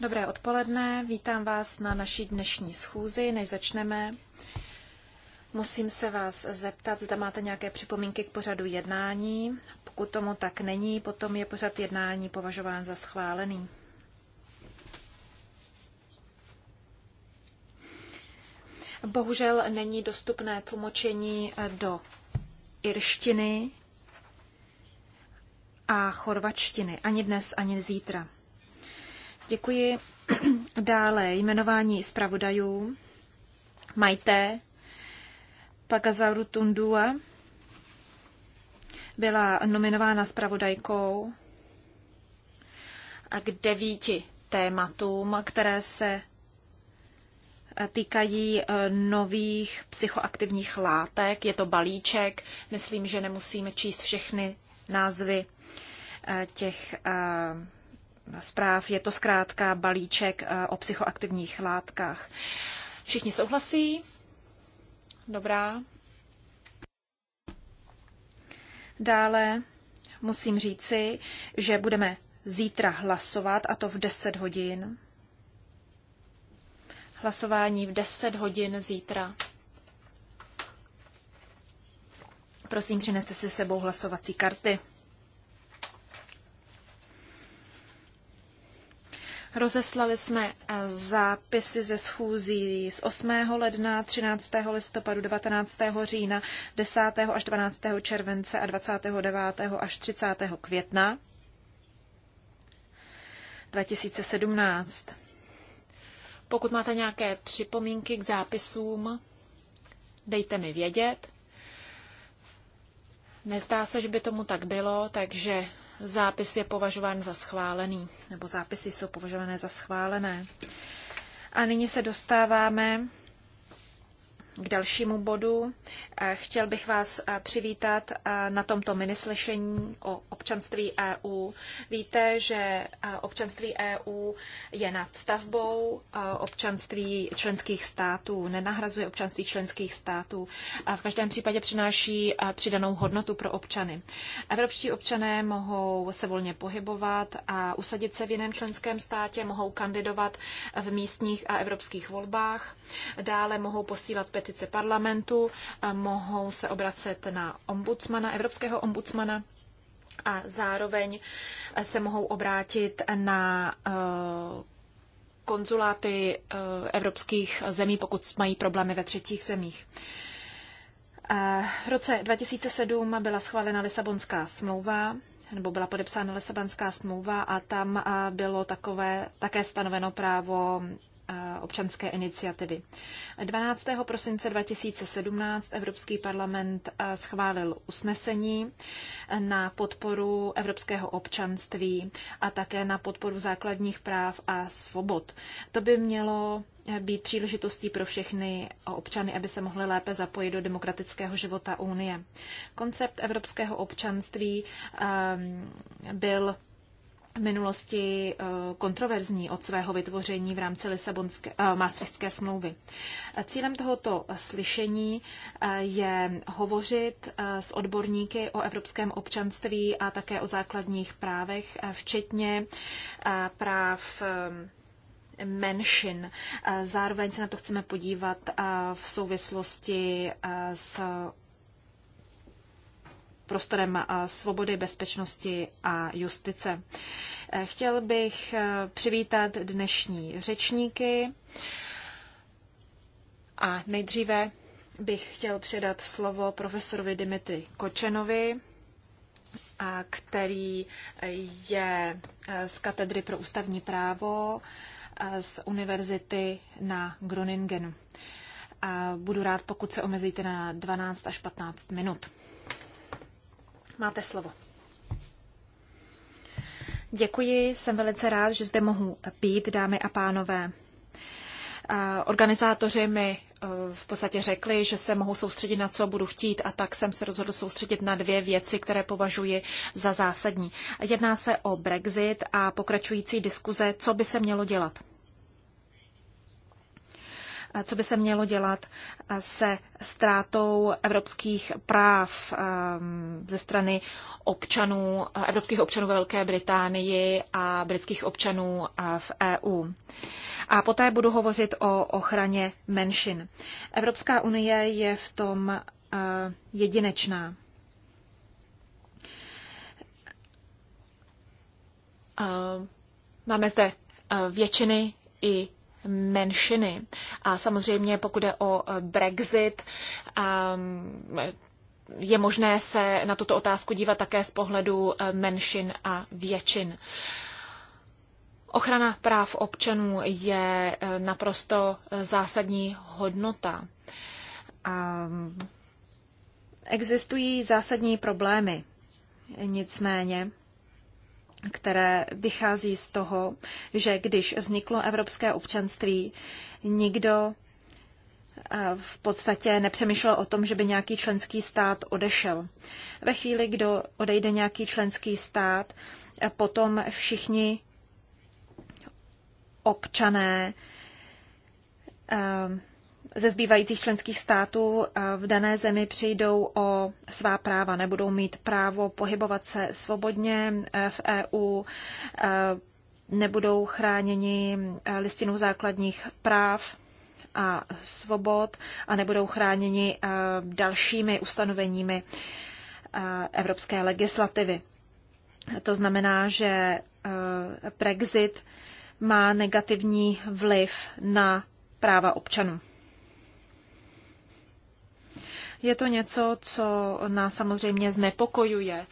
Dobré odpoledne, vítám vás na naší dnešní schůzi. Než začneme, musím se vás zeptat, zda máte nějaké připomínky k pořadu jednání. Pokud tomu tak není, potom je pořad jednání považován za schválený. Bohužel není dostupné tlumočení do irštiny, a chorvačtiny. Ani dnes, ani zítra. Děkuji. Dále jmenování zpravodajů. Majte Pagazauru Tundua byla nominována zpravodajkou a k devíti tématům, které se týkají eh, nových psychoaktivních látek. Je to balíček. Myslím, že nemusíme číst všechny názvy Eh, těch eh, zpráv. Je to zkrátka balíček eh, o psychoaktivních látkách. Všichni souhlasí? Dobrá. Dále musím říci, že budeme zítra hlasovat, a to v 10 hodin. Hlasování v 10 hodin zítra. Prosím, přineste si sebou hlasovací karty. Rozeslali jsme eh, zápisy ze schůzí z 8. ledna, 13. listopadu, 19. října, 10. až 12. července a 29. až 30. května 2017. Pokud máte nějaké připomínky k zápisům, dejte mi vědět. Nezdá se, že by tomu tak bylo, takže zápis je považován za schválený, nebo zápisy jsou považované za schválené. A nyní se dostáváme k dalšímu bodu. Eh, chtěl bych vás eh, přivítat eh, na tomto minislešení o občanství EU. Víte, že občanství EU je stavbou občanství členských států, nenahrazuje občanství členských států a v každém případě přináší přidanou hodnotu pro občany. Evropští občané mohou se volně pohybovat a usadit se v jiném členském státě, mohou kandidovat v místních a evropských volbách, dále mohou posílat petice politice parlamentu, eh, mohou se obracet na ombudsmana, evropského ombudsmana a zároveň eh, se mohou obrátit na eh, konzuláty evropských zemí, pokud mají problémy ve třetích zemích. V roce 2007 byla schválena Lisabonská smlouva, nebo byla podepsána Lisabonská smlouva a tam bylo takové také stanoveno právo občanské iniciativy. 12. prosince 2017 Evropský parlament schválil usnesení na podporu evropského občanství a také na podporu základních práv a svobod. To by mělo e, být příležitostí pro všechny občany, aby se mohli lépe zapojit do demokratického života Unie. Koncept evropského občanství byl minulosti eh, kontroverzní od svého vytvoření v rámci Lisabonské, eh, Maastrichtské smlouvy. Eh, cílem tohoto slyšení je hovořit s odborníky o evropském občanství a také o základních právech, včetně práv menšin. Zároveň se na to chceme podívat v souvislosti s prostorem svobody, bezpečnosti a justice. Eh, chtěl bych eh, přivítat dnešní řečníky a nejdříve bych chtěl předat slovo profesorovi Dimitri Kočenovi, který eh, je z katedry pro ústavní právo z univerzity na Groningen. Budu rád, pokud se omezíte na 12 až 15 minut máte slovo. Děkuji, jsem velice rád, že zde mohu být, dámy a pánové. Organizátoři mi e, v podstatě řekli, že se mohu soustředit na co budu chtít a tak jsem se rozhodl soustředit na dvě věci, které považuji za zásadní. Jedná se o Brexit a pokračující diskuze, co by se mělo dělat co by se mělo dělat se ztrátou evropských práv ehm, ze strany občanů, evropských občanů ve Velké Británii a britských občanů v EU. A poté budu hovořit o ochraně menšin. Evropská unie je v tom e, jedinečná. Ehm, máme zde e, většiny i menšiny. A samozřejmě pokud je o eh, Brexit, ehm, je možné se na tuto otázku dívat také z pohledu eh, menšin a většin. Ochrana práv občanů je eh, naprosto zásadní hodnota. Ehm, existují zásadní problémy. Nicméně které vychází z toho, že když vzniklo evropské občanství, nikdo eh, v podstatě nepřemýšlel o tom, že by nějaký členský stát odešel. Ve chvíli, kdo odejde nějaký členský stát, eh, potom všichni občané eh, ze zbývajících členských států eh, v dané zemi přijdou o svá práva, nebudou mít právo pohybovat se svobodně eh, v EU, eh, nebudou chráněni listinou základních práv a svobod a nebudou chráněni dalšími ustanoveními evropské legislativy. To znamená, že Brexit má negativní vliv na práva občanů. Je to něco, co nás samozřejmě znepokojuje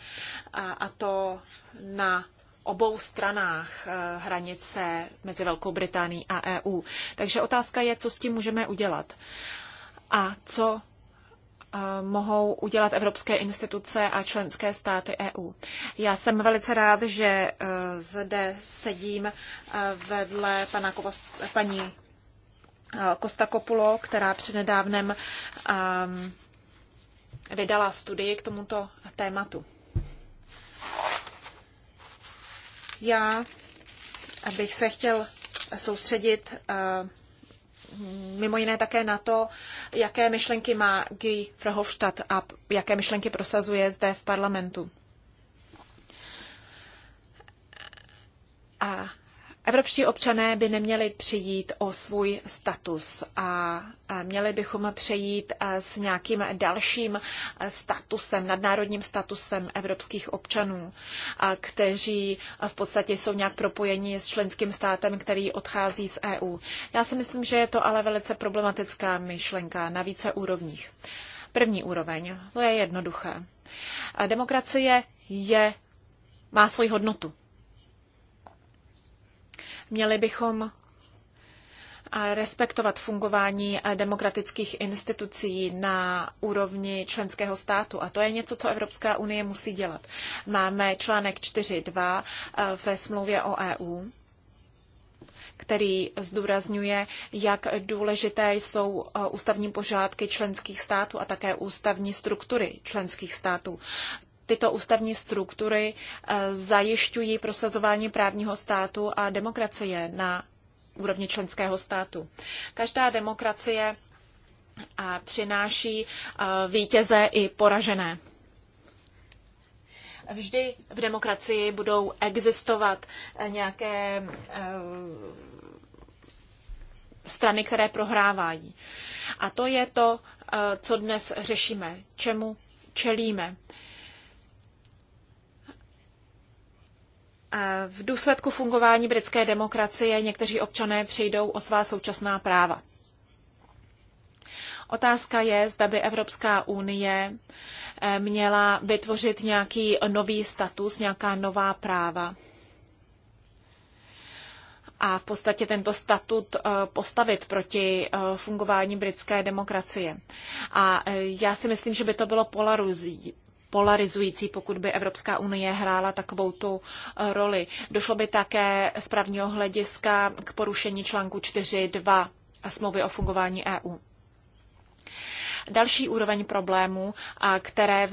a, a to na obou stranách eh, hranice mezi Velkou Británií a EU. Takže otázka je, co s tím můžeme udělat a co eh, mohou udělat evropské instituce a členské státy EU. Já jsem velice rád, že eh, zde sedím vedle pana Kovost, paní Kostakopulo, která přednedávnem um, ehm, vydala studii k tomuto tématu. Já bych se chtěl soustředit eh, mimo jiné také na to, jaké myšlenky má Guy Verhofstadt a jaké myšlenky prosazuje zde v parlamentu. A Evropští občané by neměli přijít o svůj status a měli bychom přejít s nějakým dalším statusem, nadnárodním statusem evropských občanů, kteří v podstatě jsou nějak propojeni s členským státem, který odchází z EU. Já si myslím, že je to ale velice problematická myšlenka na více úrovních. První úroveň, to je jednoduché. Demokracie je, má svoji hodnotu. Měli bychom eh, respektovat fungování eh, demokratických institucí na úrovni členského státu. A to je něco, co Evropská unie musí dělat. Máme článek 4.2 eh, ve smlouvě o EU který zdůrazňuje, jak důležité jsou ústavní pořádky členských států a také ústavní struktury členských států tyto ústavní struktury eh, zajišťují prosazování právního státu a demokracie na úrovni členského státu. Každá demokracie eh, přináší eh, vítěze i poražené. Vždy v demokracii budou existovat nějaké strany, které prohrávají. A to je to, co dnes řešíme, čemu čelíme. V důsledku fungování britské demokracie někteří občané přijdou o svá současná práva. Otázka je, zda by Evropská unie eh, měla vytvořit nějaký nový status, nějaká nová práva. A v podstatě tento statut eh, postavit proti eh, fungování britské demokracie. A já si myslím, že by to bylo polarizující, pokud by Evropská unie hrála takovou tu eh, roli. Došlo by také z právního hlediska k porušení článku 4.2 smlouvy o fungování EU. Další úroveň problémů, které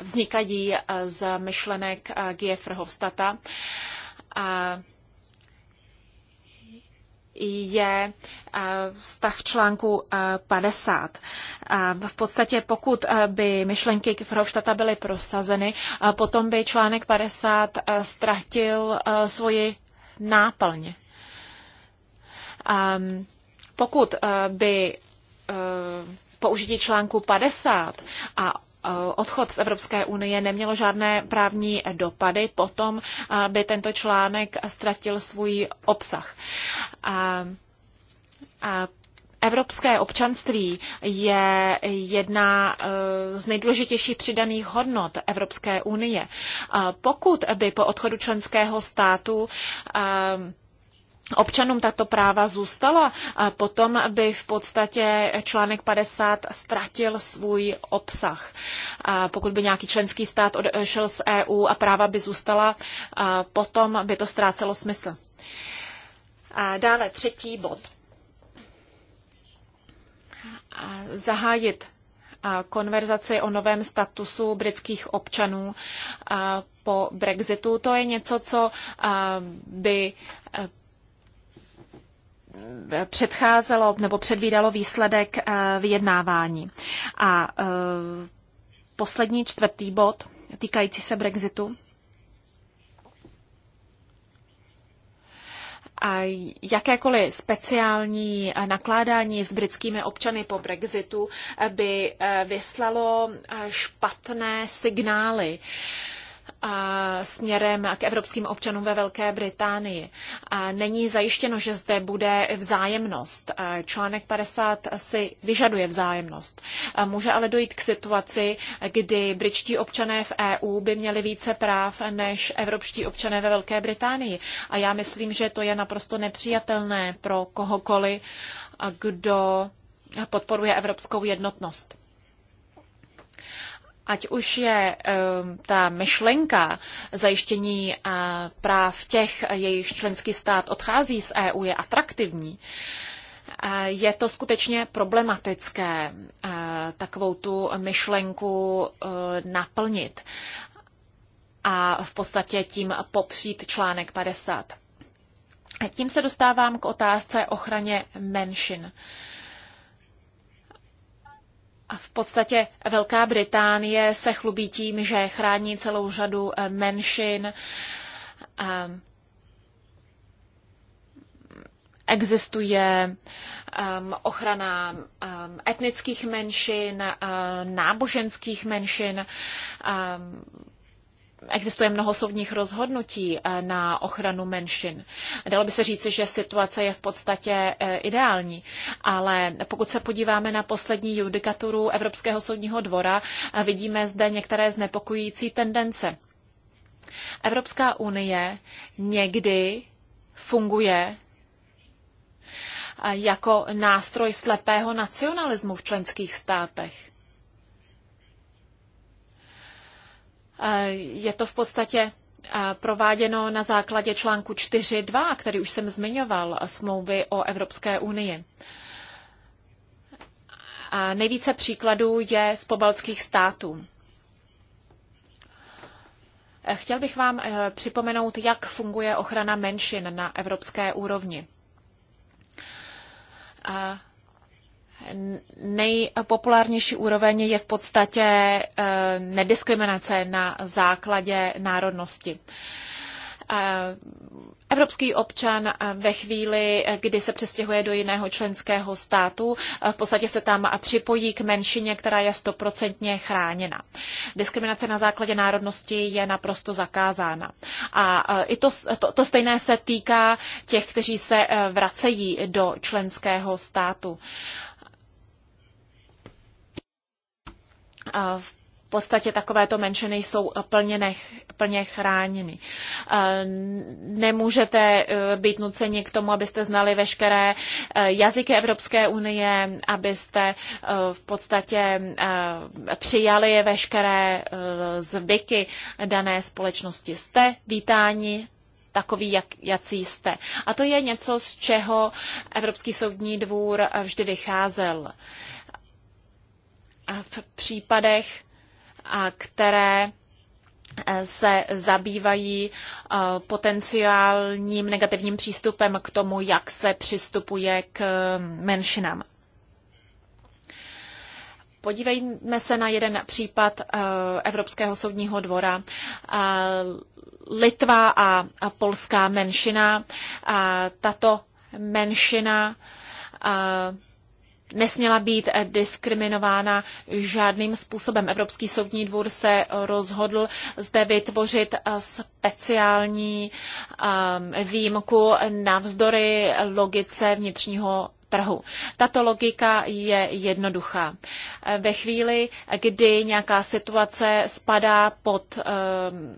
vznikají eh, z myšlenek eh, G. Frhovstata, je eh, vztah článku 50. Eh, eh, v podstatě pokud by myšlenky Frauštata byly prosazeny, potom by článek 50 ztratil svoji náplň. Ehm, pokud by použití článku 50 a Eh, odchod z Evropské unie nemělo žádné právní dopady, potom eh, by tento článek ztratil svůj obsah. A, a Evropské občanství je jedna eh, z nejdůležitějších přidaných hodnot Evropské unie. Pokud by po odchodu členského státu občanům tato práva zůstala, a potom by v podstatě článek 50 ztratil svůj obsah. A pokud by nějaký členský stát odešel z EU a práva by zůstala, a potom by to ztrácelo smysl. A dále třetí bod. A zahájit konverzaci o novém statusu britských občanů po Brexitu. To je něco, co by Eh, předcházelo nebo předvídalo výsledek eh, vyjednávání. A eh, poslední čtvrtý bod týkající se Brexitu. A jakékoliv speciální nakládání s britskými občany po Brexitu by vyslalo špatné signály směrem k evropským občanům ve Velké Británii. Není zajištěno, že zde bude vzájemnost. Článek 50 si vyžaduje vzájemnost. Může ale dojít k situaci, kdy britští občané v EU by měli více práv než evropští občané ve Velké Británii. A já myslím, že to je naprosto nepřijatelné pro kohokoliv, kdo podporuje evropskou jednotnost ať už je eh, ta myšlenka zajištění eh, práv těch, jejich členský stát odchází z EU, je atraktivní, eh, je to skutečně problematické takovou tu myšlenku naplnit a v podstatě tím popřít článek 50. tím se dostávám k otázce ochraně menšin v podstatě Velká Británie se chlubí tím, že chrání celou řadu eh, menšin. Eh, existuje ehm, ochrana ehm, etnických menšin, eh, náboženských menšin, ehm, Existuje mnoho soudních rozhodnutí eh, na ochranu menšin. Dalo by se říci, že situace je v podstatě eh, ideální, ale pokud se podíváme na poslední judikaturu Evropského soudního dvora, eh, vidíme zde některé znepokojící tendence. Evropská unie někdy funguje jako nástroj slepého nacionalismu v členských státech. Eh, je to v podstatě eh, prováděno na základě článku 4.2, který už jsem zmiňoval, smlouvy o Evropské unii. A nejvíce příkladů je z pobaltských států. Eh, chtěl bych vám připomenout, jak funguje ochrana menšin na evropské úrovni. A nejpopulárnější úroveň je v podstatě eh, nediskriminace na základě národnosti. Eh, evropský občan eh, ve chvíli, kdy se přestěhuje do jiného členského státu, v podstatě se tam připojí k menšině, která je stoprocentně chráněna. Diskriminace na základě národnosti je naprosto zakázána. A i to, to, to stejné se týká těch, kteří se vracejí do členského státu. v podstatě takovéto menšiny jsou plně, nech, plně chráněny. Nemůžete e, být nuceni k tomu, abyste znali veškeré e, jazyky Evropské unie, abyste e, v podstatě přijali veškeré zvyky dané společnosti. Jste vítáni takový, jak, jací jste. A to je něco, z čeho Evropský soudní dvůr vždy vycházel. Uh, v případech, které eh, se zabývají eh, potenciálním negativním přístupem k tomu, jak se přistupuje k eh, menšinám. Podívejme se na jeden případ Evropského soudního dvora. Litva a polská menšina. Tato menšina nesměla být diskriminována žádným způsobem. Evropský soudní dvůr se rozhodl zde vytvořit speciální um, výjimku navzdory logice vnitřního trhu. Tato logika je jednoduchá. Ve chvíli, kdy nějaká situace spadá pod um,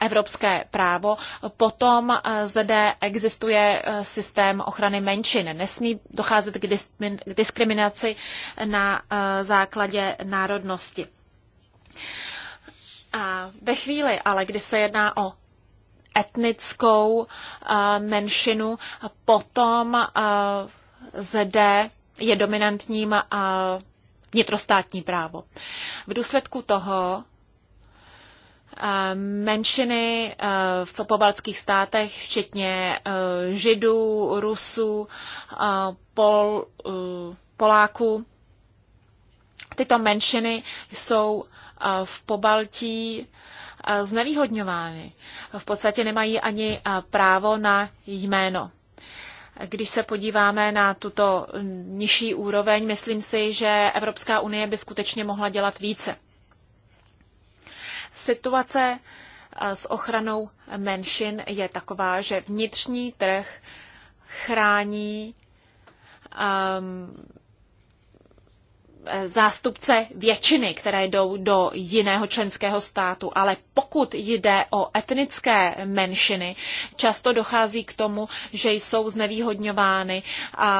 evropské právo, potom eh, zde existuje eh, systém ochrany menšin. Nesmí docházet k diskriminaci na eh, základě národnosti. A ve chvíli ale, kdy se jedná o etnickou menšinu, potom zde je dominantním vnitrostátní právo. V důsledku toho menšiny eh, v pobaltských státech, včetně eh, Židů, Rusů, eh, Pol, Poláků. Tyto menšiny jsou v Pobaltí znevýhodňovány. V podstatě nemají ani právo na jméno. Když se podíváme na tuto nižší úroveň, myslím si, že Evropská unie by skutečně mohla dělat více. Situace eh, s ochranou menšin je taková, že vnitřní trh chrání um, Eh, zástupce většiny, které jdou do jiného členského státu, ale pokud jde o etnické menšiny, často dochází k tomu, že jsou znevýhodňovány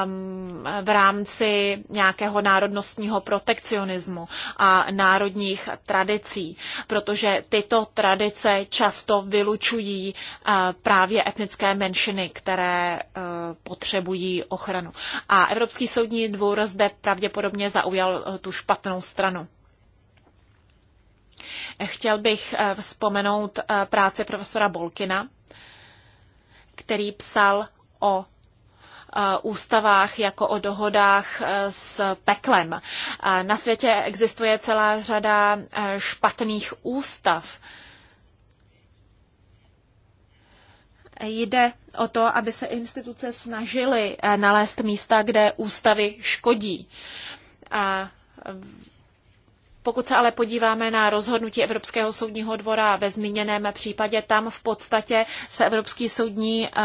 um, v rámci nějakého národnostního protekcionismu a národních tradicí, protože tyto tradice často vylučují uh, právě etnické menšiny, které uh, potřebují ochranu. A Evropský soudní dvůr zde pravděpodobně zaujal Eh, tu špatnou stranu. Chtěl bych eh, vzpomenout eh, práci profesora Bolkina, který psal o ústavách jako o dohodách s peklem. Na světě existuje celá řada špatných ústav. Jde o to, aby se instituce snažily nalézt místa, kde ústavy škodí. A pokud se ale podíváme na rozhodnutí Evropského soudního dvora ve zmíněném případě, tam v podstatě se Evropský soudní eh,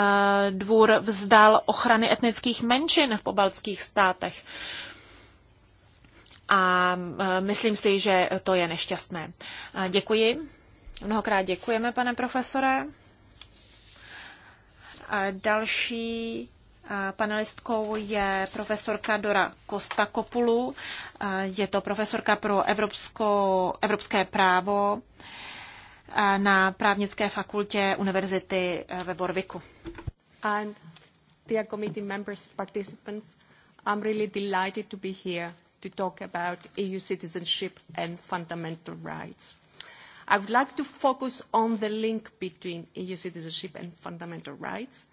dvůr vzdal ochrany etnických menšin v pobaltských státech. A eh, myslím si, že to je nešťastné. Děkuji. Mnohokrát děkujeme, pane profesore. A další Panelistkou je profesorka Dora Kostakopulu. Je to profesorka pro evropsko, evropské právo na právnické fakultě univerzity eh, ve Borviku. And dear committee members, participants, I'm really delighted to be here to talk about EU citizenship and fundamental rights. I would like to focus on the link between EU citizenship and fundamental rights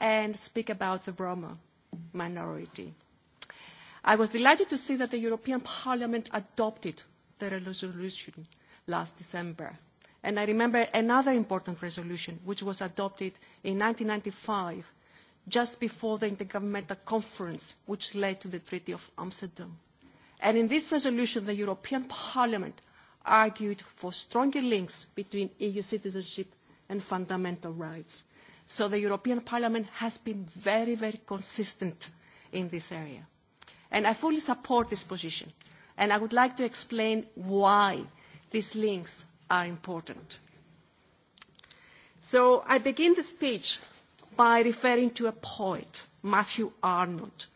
and speak about the Roma minority. I was delighted to see that the European Parliament adopted the resolution last December. And I remember another important resolution which was adopted in 1995, just before the Intergovernmental Conference, which led to the Treaty of Amsterdam. And in this resolution, the European Parliament argued for stronger links between EU citizenship and fundamental rights. So the European Parliament has been very, very consistent in this area. And I fully support this position. And I would like to explain why these links are important. So I begin the speech by referring to a poet, Matthew Arnold,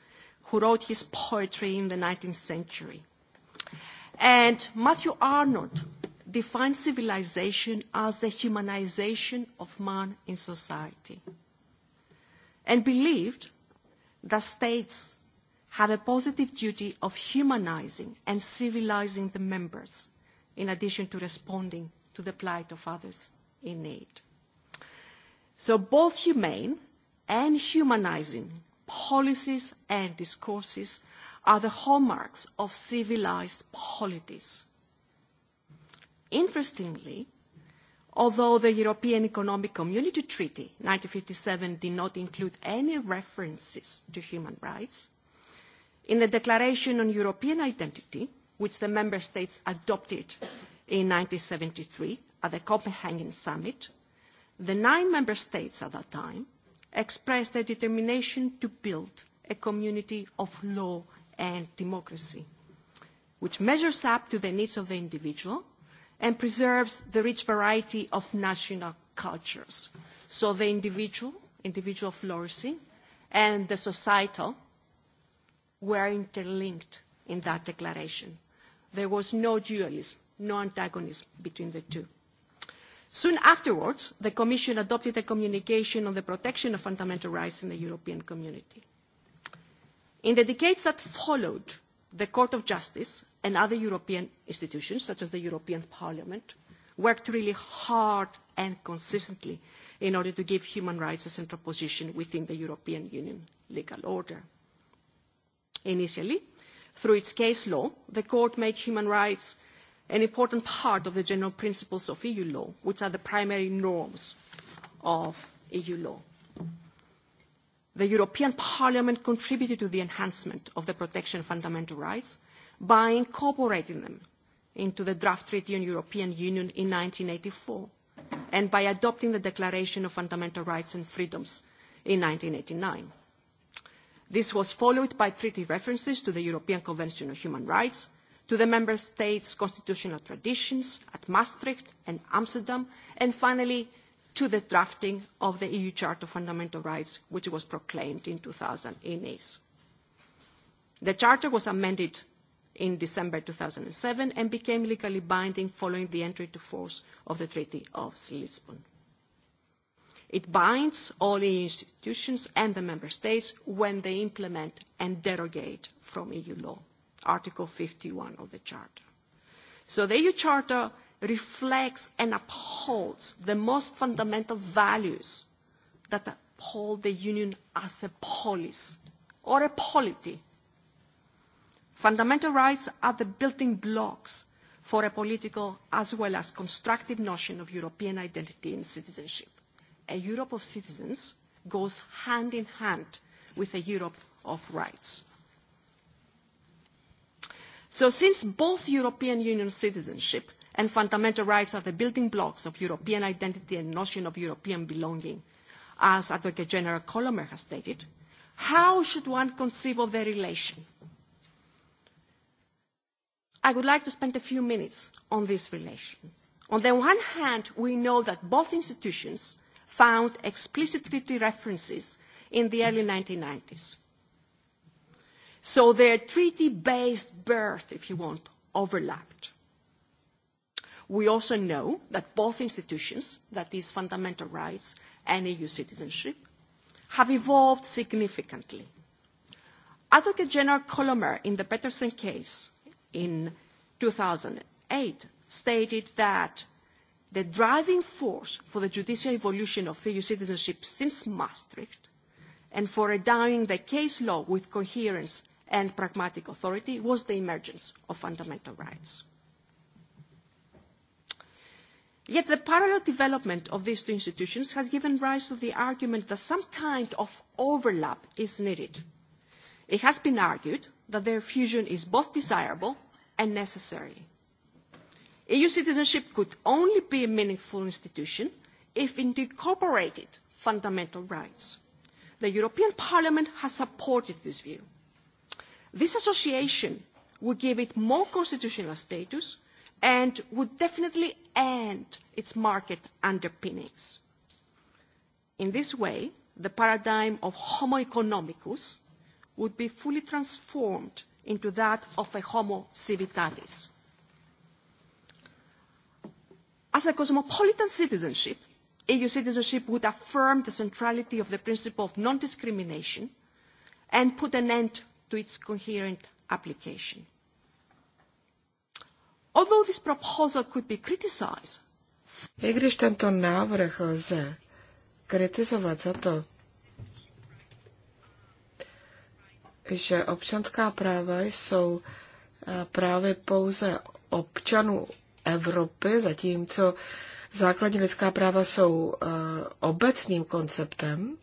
who wrote his poetry in the 19th century. And Matthew Arnold defines civilization as the humanization of man in society and believed that states have a positive duty of humanizing and civilizing the members in addition to responding to the plight of others in need. So both humane and humanizing policies and discourses are the hallmarks of civilized polities Interestingly, although the European Economic Community Treaty 1957 did not include any references to human rights, in the Declaration on European Identity, which the Member States adopted in 1973 at the Copenhagen Summit, the nine Member States at that time expressed their determination to build a community of law and democracy, which measures up to the needs of the individual and preserves the rich variety of national cultures. So the individual, individual flourishing, and the societal were interlinked in that declaration. There was no dualism, no antagonism between the two. Soon afterwards, the Commission adopted a communication on the protection of fundamental rights in the European community. In the decades that followed, the Court of Justice and other European institutions, such as the European Parliament, worked really hard and consistently in order to give human rights a central position within the European Union legal order. Initially, through its case law, the Court made human rights an important part of the general principles of EU law, which are the primary norms of EU law. The European Parliament contributed to the enhancement of the protection of fundamental rights by incorporating them into the draft treaty on European Union in 1984 and by adopting the Declaration of Fundamental Rights and Freedoms in 1989. This was followed by treaty references to the European Convention on Human Rights, to the Member States' constitutional traditions at Maastricht and Amsterdam, and finally to the drafting of the EU Charter of Fundamental Rights, which was proclaimed in 2000 in Nice. The Charter was amended in December 2007 and became legally binding following the entry into force of the Treaty of Lisbon. It binds all EU institutions and the Member States when they implement and derogate from EU law, Article 51 of the Charter. So the EU Charter reflects and upholds the most fundamental values that uphold the Union as a polis or a polity Fundamental rights are the building blocks for a political as well as constructive notion of European identity and citizenship. A Europe of citizens goes hand in hand with a Europe of rights. So since both European Union citizenship and fundamental rights are the building blocks of European identity and notion of European belonging, as Advocate General Colomer has stated, how should one conceive of the relation? I would like to spend a few minutes on this relation. On the one hand, we know that both institutions found explicit treaty references in the early 1990s. So their treaty-based birth, if you want, overlapped. We also know that both institutions, that is fundamental rights and EU citizenship, have evolved significantly. Advocate General Colomer in the Peterson case in 2008 stated that the driving force for the judicial evolution of EU citizenship since Maastricht and for endowing the case law with coherence and pragmatic authority was the emergence of fundamental rights. Yet the parallel development of these two institutions has given rise to the argument that some kind of overlap is needed. It has been argued that their fusion is both desirable and necessary. EU citizenship could only be a meaningful institution if it incorporated fundamental rights. The European Parliament has supported this view. This association would give it more constitutional status and would definitely end its market underpinnings. In this way, the paradigm of homo economicus would be fully transformed into that of a homo civitatis. As a cosmopolitan citizenship, EU citizenship would affirm the centrality of the principle of non-discrimination and put an end to its coherent application. Although this proposal could be criticized, I když tento návrh lze kritizovat za to, že občanská práva jsou eh, právě pouze občanů Evropy, zatímco základní lidská práva jsou eh, obecným konceptem,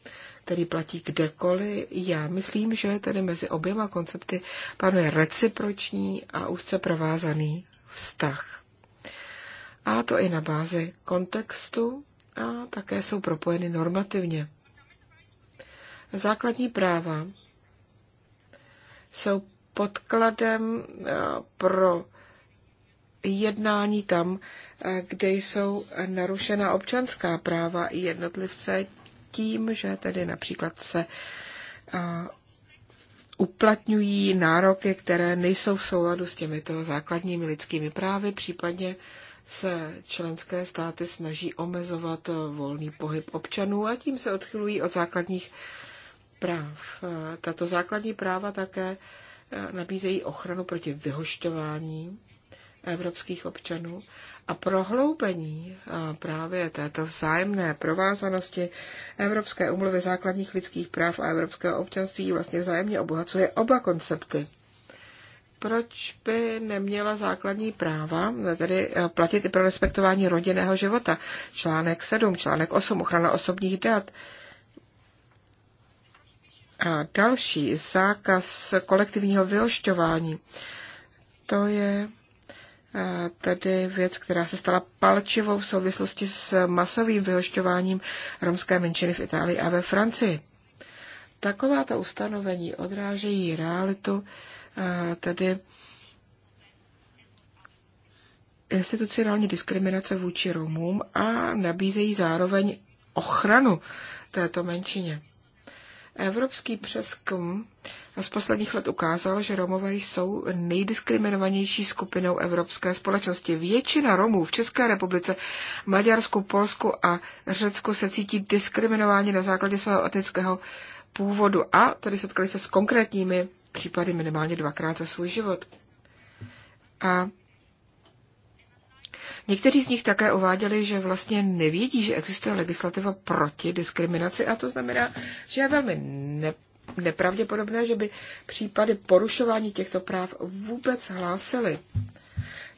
který platí kdekoliv. Já myslím, že tedy mezi oběma koncepty panuje reciproční a úzce provázaný vztah. A to i na bázi kontextu a také jsou propojeny normativně. Základní práva jsou podkladem eh, pro jednání tam, eh, kde jsou narušena občanská práva i jednotlivce tím, že tedy například se eh, uplatňují nároky, které nejsou v souladu s těmito základními lidskými právy, případně se členské státy snaží omezovat volný pohyb občanů a tím se odchylují od základních práv. E, tato základní práva také e, nabízejí ochranu proti vyhošťování evropských občanů a prohloubení e, právě této vzájemné provázanosti Evropské umluvy základních lidských práv a evropského občanství vlastně vzájemně obohacuje oba koncepty. Proč by neměla základní práva tedy platit i pro respektování rodinného života? Článek 7, článek 8, ochrana osobních dat, a další zákaz kolektivního vyhošťování, to je eh, tedy věc, která se stala palčivou v souvislosti s masovým vyhošťováním romské menšiny v Itálii a ve Francii. Takováto ustanovení odrážejí realitu eh, tedy institucionální diskriminace vůči Romům a nabízejí zároveň ochranu této menšině. Evropský přeskum z posledních let ukázal, že Romové jsou nejdiskriminovanější skupinou evropské společnosti. Většina Romů v České republice, Maďarsku, Polsku a Řecku se cítí diskriminováni na základě svého etnického původu a tady setkali se s konkrétními případy minimálně dvakrát za svůj život. A Někteří z nich také uváděli, že vlastně nevědí, že existuje legislativa proti diskriminaci a to znamená, že je velmi ne nepravděpodobné, že by případy porušování těchto práv vůbec hlásily.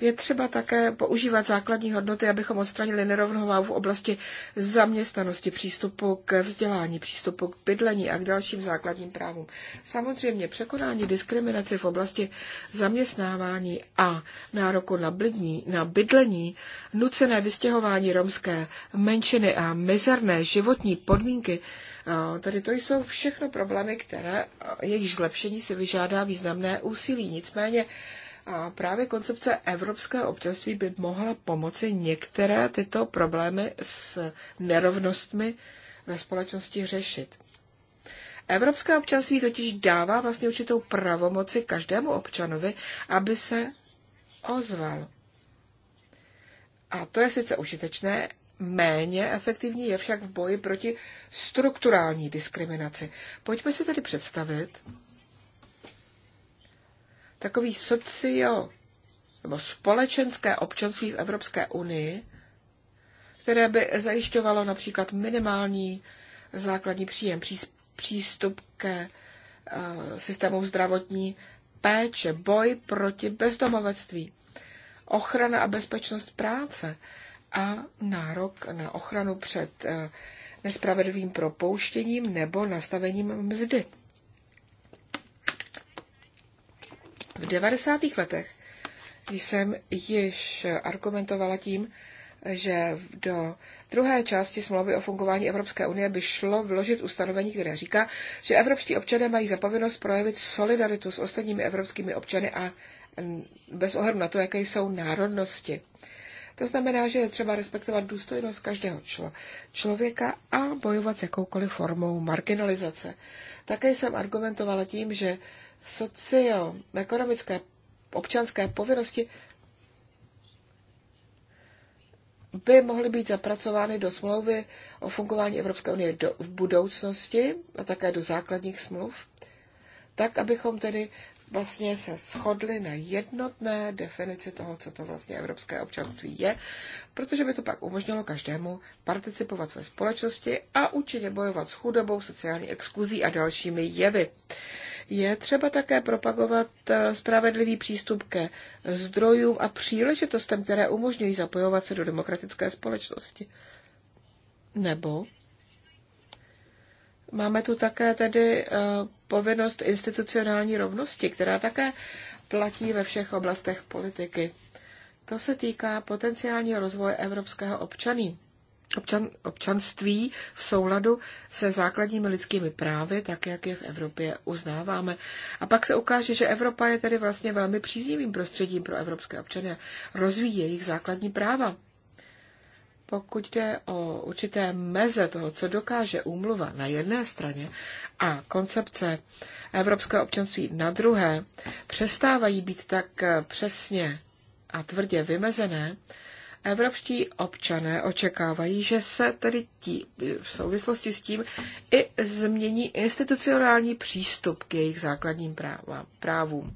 Je třeba také používat základní hodnoty, abychom odstranili nerovnováhu v oblasti zaměstnanosti, přístupu k vzdělání, přístupu k bydlení a k dalším základním právům. Samozřejmě překonání diskriminace v oblasti zaměstnávání a nároku na, blidní, na bydlení, nucené vystěhování romské menšiny a mizerné životní podmínky, eh, Tady to jsou všechno problémy, které eh, jejich zlepšení si vyžádá významné úsilí. Nicméně a právě koncepce evropského občanství by mohla pomoci některé tyto problémy s nerovnostmi ve společnosti řešit. Evropské občanství totiž dává vlastně určitou pravomoci každému občanovi, aby se ozval. A to je sice užitečné, méně efektivní je však v boji proti strukturální diskriminaci. Pojďme si tedy představit, takový socio nebo společenské občanství v Evropské unii, které by zajišťovalo například minimální základní příjem, přístup ke eh, systému zdravotní péče, boj proti bezdomovectví, ochrana a bezpečnost práce a nárok na ochranu před eh, nespravedlivým propouštěním nebo nastavením mzdy. V 90. letech jsem již argumentovala tím, že do druhé části smlouvy o fungování Evropské unie by šlo vložit ustanovení, které říká, že evropští občané mají zapovinnost projevit solidaritu s ostatními evropskými občany a bez ohledu na to, jaké jsou národnosti. To znamená, že je třeba respektovat důstojnost každého člo- člověka a bojovat s jakoukoliv formou marginalizace. Také jsem argumentovala tím, že socioekonomické občanské povinnosti by mohly být zapracovány do smlouvy o fungování Evropské unie do, v budoucnosti a také do základních smluv, tak abychom tedy vlastně se shodli na jednotné definici toho, co to vlastně evropské občanství je, protože by to pak umožnilo každému participovat ve společnosti a účinně bojovat s chudobou, sociální exkluzí a dalšími jevy je třeba také propagovat eh, spravedlivý přístup ke zdrojům a příležitostem, které umožňují zapojovat se do demokratické společnosti. Nebo máme tu také tedy eh, povinnost institucionální rovnosti, která také platí ve všech oblastech politiky. To se týká potenciálního rozvoje evropského občaní občan, občanství v souladu se základními lidskými právy, tak jak je v Evropě uznáváme. A pak se ukáže, že Evropa je tedy vlastně velmi příznivým prostředím pro evropské občany a rozvíjí jejich základní práva. Pokud jde o určité meze toho, co dokáže úmluva na jedné straně a koncepce evropského občanství na druhé, přestávají být tak přesně a tvrdě vymezené, Evropští občané očekávají, že se tedy tí, v souvislosti s tím i změní institucionální přístup k jejich základním právám, právům.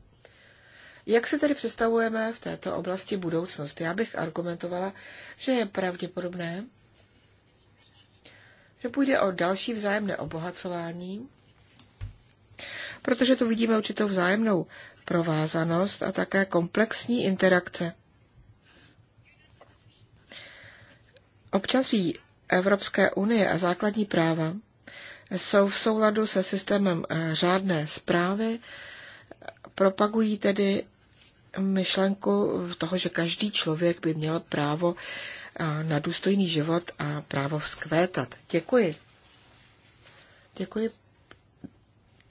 Jak si tedy představujeme v této oblasti budoucnost? Já bych argumentovala, že je pravděpodobné, že půjde o další vzájemné obohacování, protože tu vidíme určitou vzájemnou provázanost a také komplexní interakce Občanství Evropské unie a základní práva jsou v souladu se systémem eh, řádné zprávy, propagují tedy myšlenku toho, že každý člověk by měl právo eh, na důstojný život a právo vzkvétat. Děkuji. Děkuji.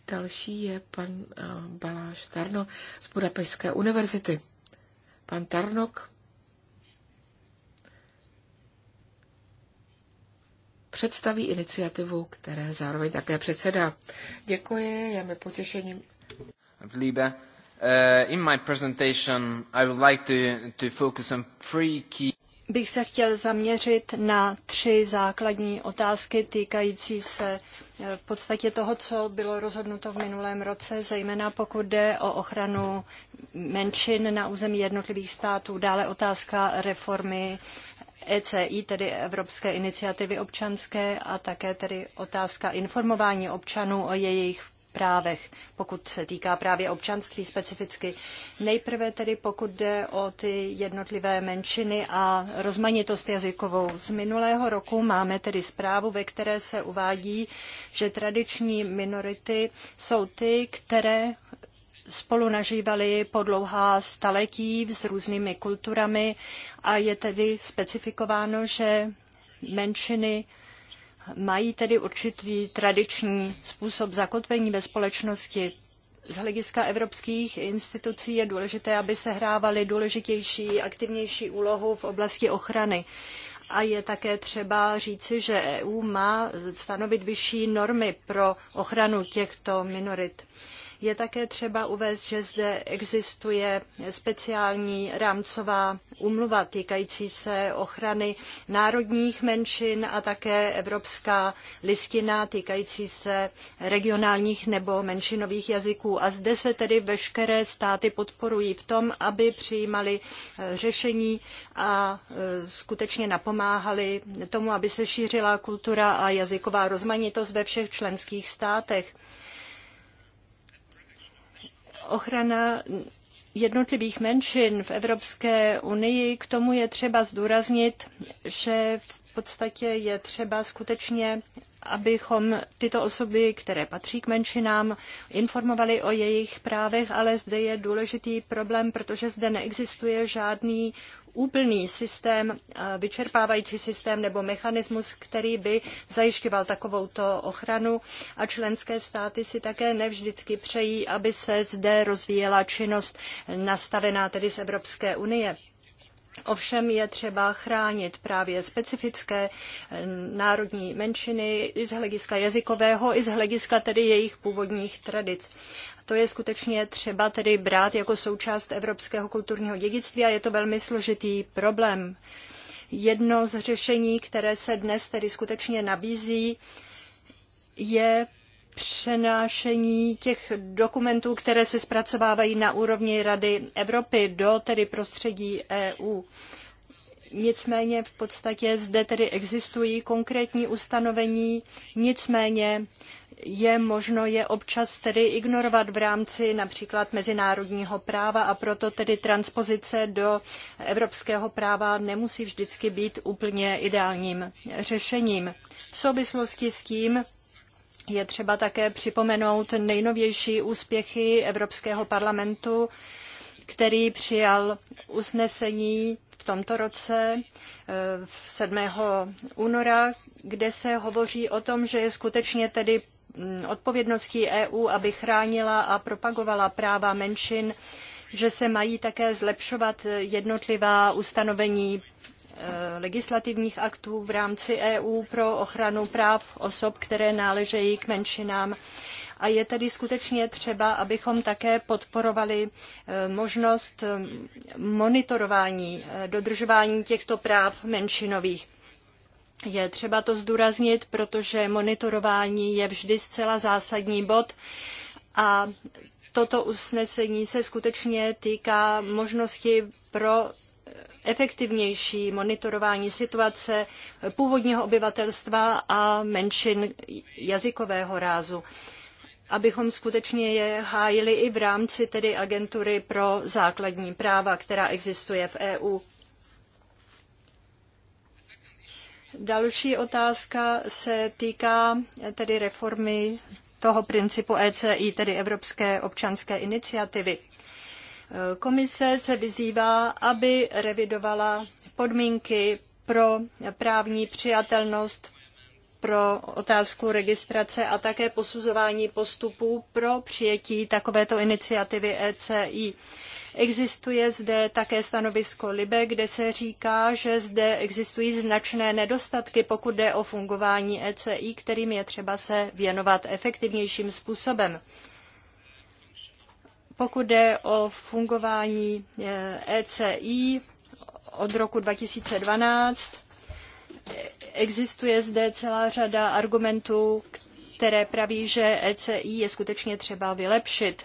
Další je pan eh, Baláš Tarno z Budapešské univerzity. Pan Tarnok. představí iniciativu, které zároveň také předsedá. Děkuji, je mi potěšením. Líbe. Uh, eh, in my presentation I would like to, to focus on three key bych se chtěl zaměřit na tři základní otázky týkající se eh, v podstatě toho, co bylo rozhodnuto v minulém roce, zejména pokud jde o ochranu menšin na území jednotlivých států, dále otázka reformy ECI, tedy Evropské iniciativy občanské a také tedy otázka informování občanů o jejich právech, pokud se týká právě občanství specificky. Nejprve tedy pokud jde o ty jednotlivé menšiny a rozmanitost jazykovou. Z minulého roku máme tedy zprávu, ve které se uvádí, že tradiční minority jsou ty, které spolu nažívali po dlouhá staletí s různými kulturami a je tedy specifikováno, že menšiny mají tedy určitý tradiční způsob zakotvení ve společnosti. Z hlediska evropských institucí je důležité, aby se hrávaly důležitější, aktivnější úlohu v oblasti ochrany. A je také třeba říci, že EU má stanovit vyšší normy pro ochranu těchto minorit. Je také třeba uvést, že zde existuje speciální rámcová úmluva týkající se ochrany národních menšin a také Evropská listina týkající se regionálních nebo menšinových jazyků. A zde se tedy veškeré státy podporují v tom, aby přijímali eh, řešení a eh, skutečně napomáhali tomu, aby se šířila kultura a jazyková rozmanitost ve všech členských státech ochrana jednotlivých menšin v Evropské unii, k tomu je třeba zdůraznit, že v podstatě je třeba skutečně abychom tyto osoby, které patří k menšinám, informovali o jejich právech, ale zde je důležitý problém, protože zde neexistuje žádný úplný systém, vyčerpávající systém nebo mechanismus, který by zajišťoval takovouto ochranu a členské státy si také nevždycky přejí, aby se zde rozvíjela činnost nastavená tedy z Evropské unie. Ovšem je třeba chránit právě specifické eh, národní menšiny i z hlediska jazykového, i z hlediska tedy jejich původních tradic. To je skutečně třeba tedy brát jako součást evropského kulturního dědictví a je to velmi složitý problém. Jedno z řešení, které se dnes tedy skutečně nabízí, je přenášení těch dokumentů, které se zpracovávají na úrovni Rady Evropy do tedy prostředí EU. Nicméně v podstatě zde tedy existují konkrétní ustanovení, nicméně je možno je občas tedy ignorovat v rámci například mezinárodního práva a proto tedy transpozice do evropského práva nemusí vždycky být úplně ideálním řešením. V souvislosti s tím je třeba také připomenout nejnovější úspěchy Evropského parlamentu, který přijal usnesení tomto roce 7. Eh, února, kde se hovoří o tom, že je skutečně tedy mm, odpovědností EU, aby chránila a propagovala práva menšin, že se mají také zlepšovat jednotlivá ustanovení Eh, legislativních aktů v rámci EU pro ochranu práv osob, které náležejí k menšinám. A je tedy skutečně třeba, abychom také podporovali eh, možnost eh, monitorování, dodržování těchto práv menšinových. Je třeba to zdůraznit, protože monitorování je vždy zcela zásadní bod a toto usnesení se skutečně týká možnosti pro efektivnější monitorování situace původního obyvatelstva a menšin jazykového rázu abychom skutečně je hájili i v rámci tedy agentury pro základní práva, která existuje v EU. Další otázka se týká tedy reformy toho principu ECI, tedy Evropské občanské iniciativy. Komise se vyzývá, aby revidovala podmínky pro právní přijatelnost pro otázku registrace a také posuzování postupů pro přijetí takovéto iniciativy ECI. Existuje zde také stanovisko LIBE, kde se říká, že zde existují značné nedostatky, pokud jde o fungování ECI, kterým je třeba se věnovat efektivnějším způsobem. Pokud jde o fungování ECI eh, e od roku 2012, existuje zde celá řada argumentů, které praví, že ECI je skutečně třeba vylepšit.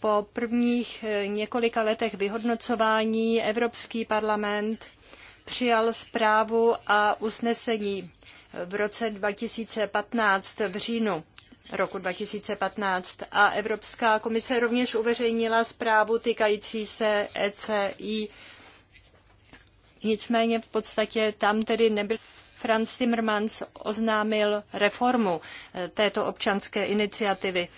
Po prvních eh, několika letech vyhodnocování Evropský parlament přijal zprávu a usnesení v roce 2015 v říjnu roku 2015. A Evropská komise rovněž uveřejnila zprávu týkající se ECI. Nicméně v podstatě tam tedy nebyl. Franz Timmermans oznámil reformu eh, této občanské iniciativy.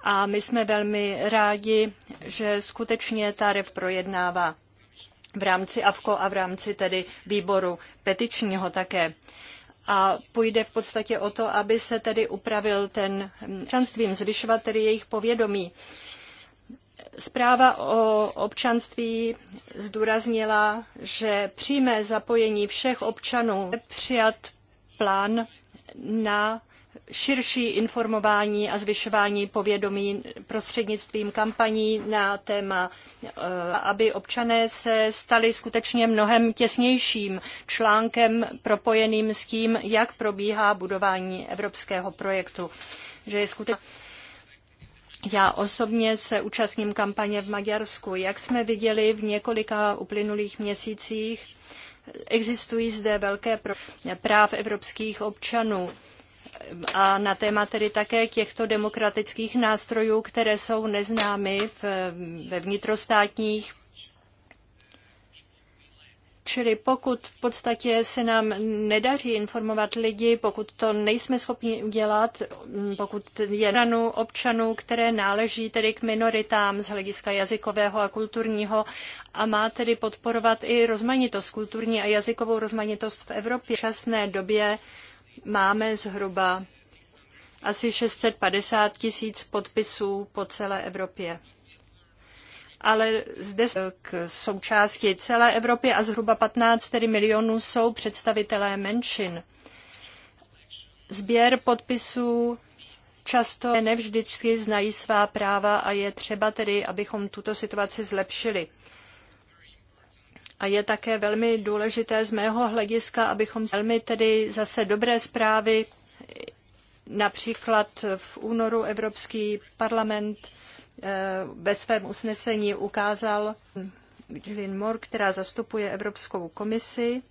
A my jsme velmi rádi, že skutečně rev projednává v rámci AVKO a v rámci tedy výboru petičního také a půjde v podstatě o to, aby se tedy upravil ten hm, občanstvím, zvyšovat tedy jejich povědomí. Zpráva o občanství zdůraznila, že přímé zapojení všech občanů je přijat plán na širší informování a zvyšování povědomí prostřednictvím kampaní na téma, eh, aby občané se stali skutečně mnohem těsnějším článkem propojeným s tím, jak probíhá budování evropského projektu. Že je skutečně já osobně se účastním kampaně v Maďarsku. Jak jsme viděli v několika uplynulých měsících, existují zde velké práv evropských občanů a na téma tedy také těchto demokratických nástrojů, které jsou neznámy v, ve vnitrostátních. Čili pokud v podstatě se nám nedaří informovat lidi, pokud to nejsme schopni udělat, pokud je ranu občanů, které náleží tedy k minoritám z hlediska jazykového a kulturního a má tedy podporovat i rozmanitost kulturní a jazykovou rozmanitost v Evropě v časné době, máme zhruba asi 650 tisíc podpisů po celé Evropě. Ale zde k součásti celé Evropy a zhruba 15 milionů jsou představitelé menšin. Sběr podpisů často nevždycky znají svá práva a je třeba tedy, abychom tuto situaci zlepšili. A je také velmi důležité z mého hlediska, abychom velmi tedy zase dobré zprávy, například v únoru Evropský parlament eh, ve svém usnesení ukázal Jillian Moore, která zastupuje Evropskou komisi.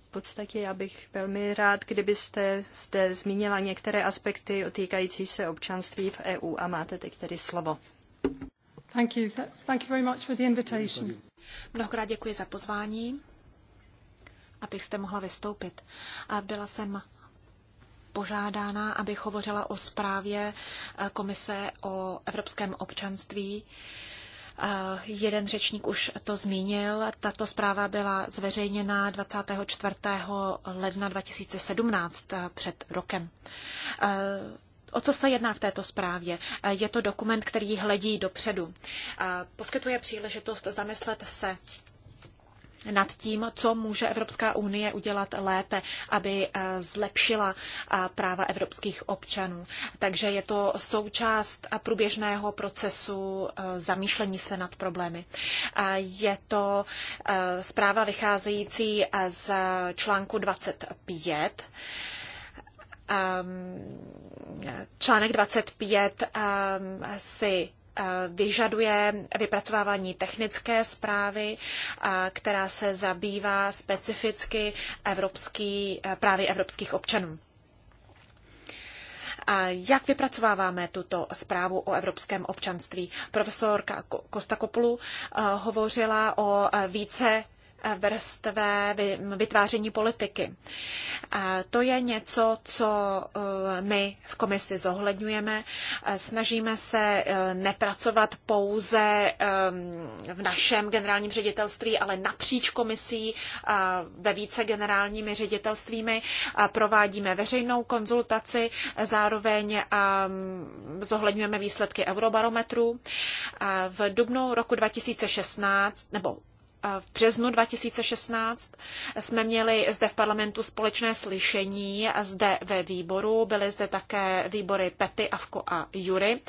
V podstatě já bych velmi rád, kdybyste zde zmínila některé aspekty týkající se občanství v EU a máte teď tedy slovo. Thank you. Thank you very much for the invitation. Mnohokrát děkuji za pozvání, jste mohla vystoupit. Byla jsem požádána, abych hovořila o zprávě eh, Komise o evropském občanství. Eh, jeden řečník už to zmínil. Tato zpráva byla zveřejněna 24. ledna 2017 eh, před rokem. O co se jedná v této zprávě? Eh, je to dokument, který hledí dopředu. Eh, poskytuje příležitost zamyslet se nad tím, co může Evropská unie udělat lépe, aby eh, zlepšila práva evropských občanů. Takže je to součást průběžného procesu zamýšlení se nad problémy. Je to zpráva vycházející z článku 25 Ehm, článek 25 ehm, si eh, vyžaduje vypracovávání technické zprávy, eh, která se zabývá specificky evropský, eh, právě evropských občanů. A jak vypracováváme tuto zprávu o evropském občanství? Profesorka Kostakopulu hovořila o více vrstvé vytváření politiky. To je něco, co e, my v komisi zohledňujeme. Snažíme se e, nepracovat pouze e, v našem generálním ředitelství, ale napříč komisí ve více generálními ředitelstvími. Provádíme veřejnou konzultaci, zároveň zohledňujeme výsledky Eurobarometru. V dubnu roku 2016, nebo v březnu 2016 jsme měli zde v parlamentu společné slyšení, zde ve výboru, byly zde také výbory Pety, Avko a Jury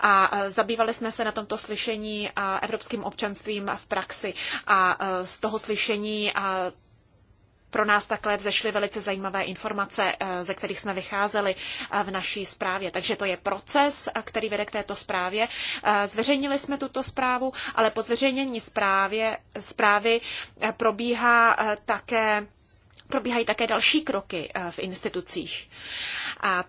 a e, zabývali jsme se na tomto slyšení evropským občanstvím v praxi a e, z toho slyšení pro nás takhle vzešly velice zajímavé informace, eh, ze kterých jsme vycházeli eh, v naší zprávě. Takže to je proces, eh, který vede k této zprávě. Zveřejnili jsme tuto zprávu, ale po zveřejnění zprávě, zprávy probíhá také probíhají také další kroky v institucích.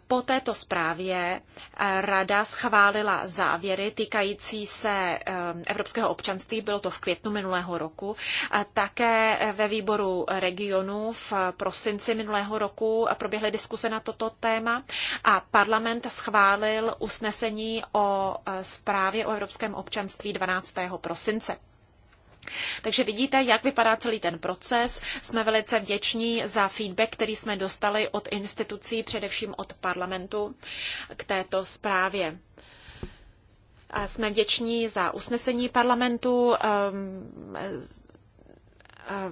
Po této zprávě eh, rada schválila závěry týkající se eh, evropského občanství, bylo to v květnu minulého roku. Také eh, ve výboru regionu v prosinci minulého roku proběhly diskuse na toto téma a parlament schválil usnesení o zprávě o evropském občanství 12. prosince. Takže vidíte, jak vypadá celý ten proces. Jsme velice vděční za feedback, který jsme dostali od institucí, především od parlamentu, k této zprávě. A jsme vděční za usnesení parlamentu. Um,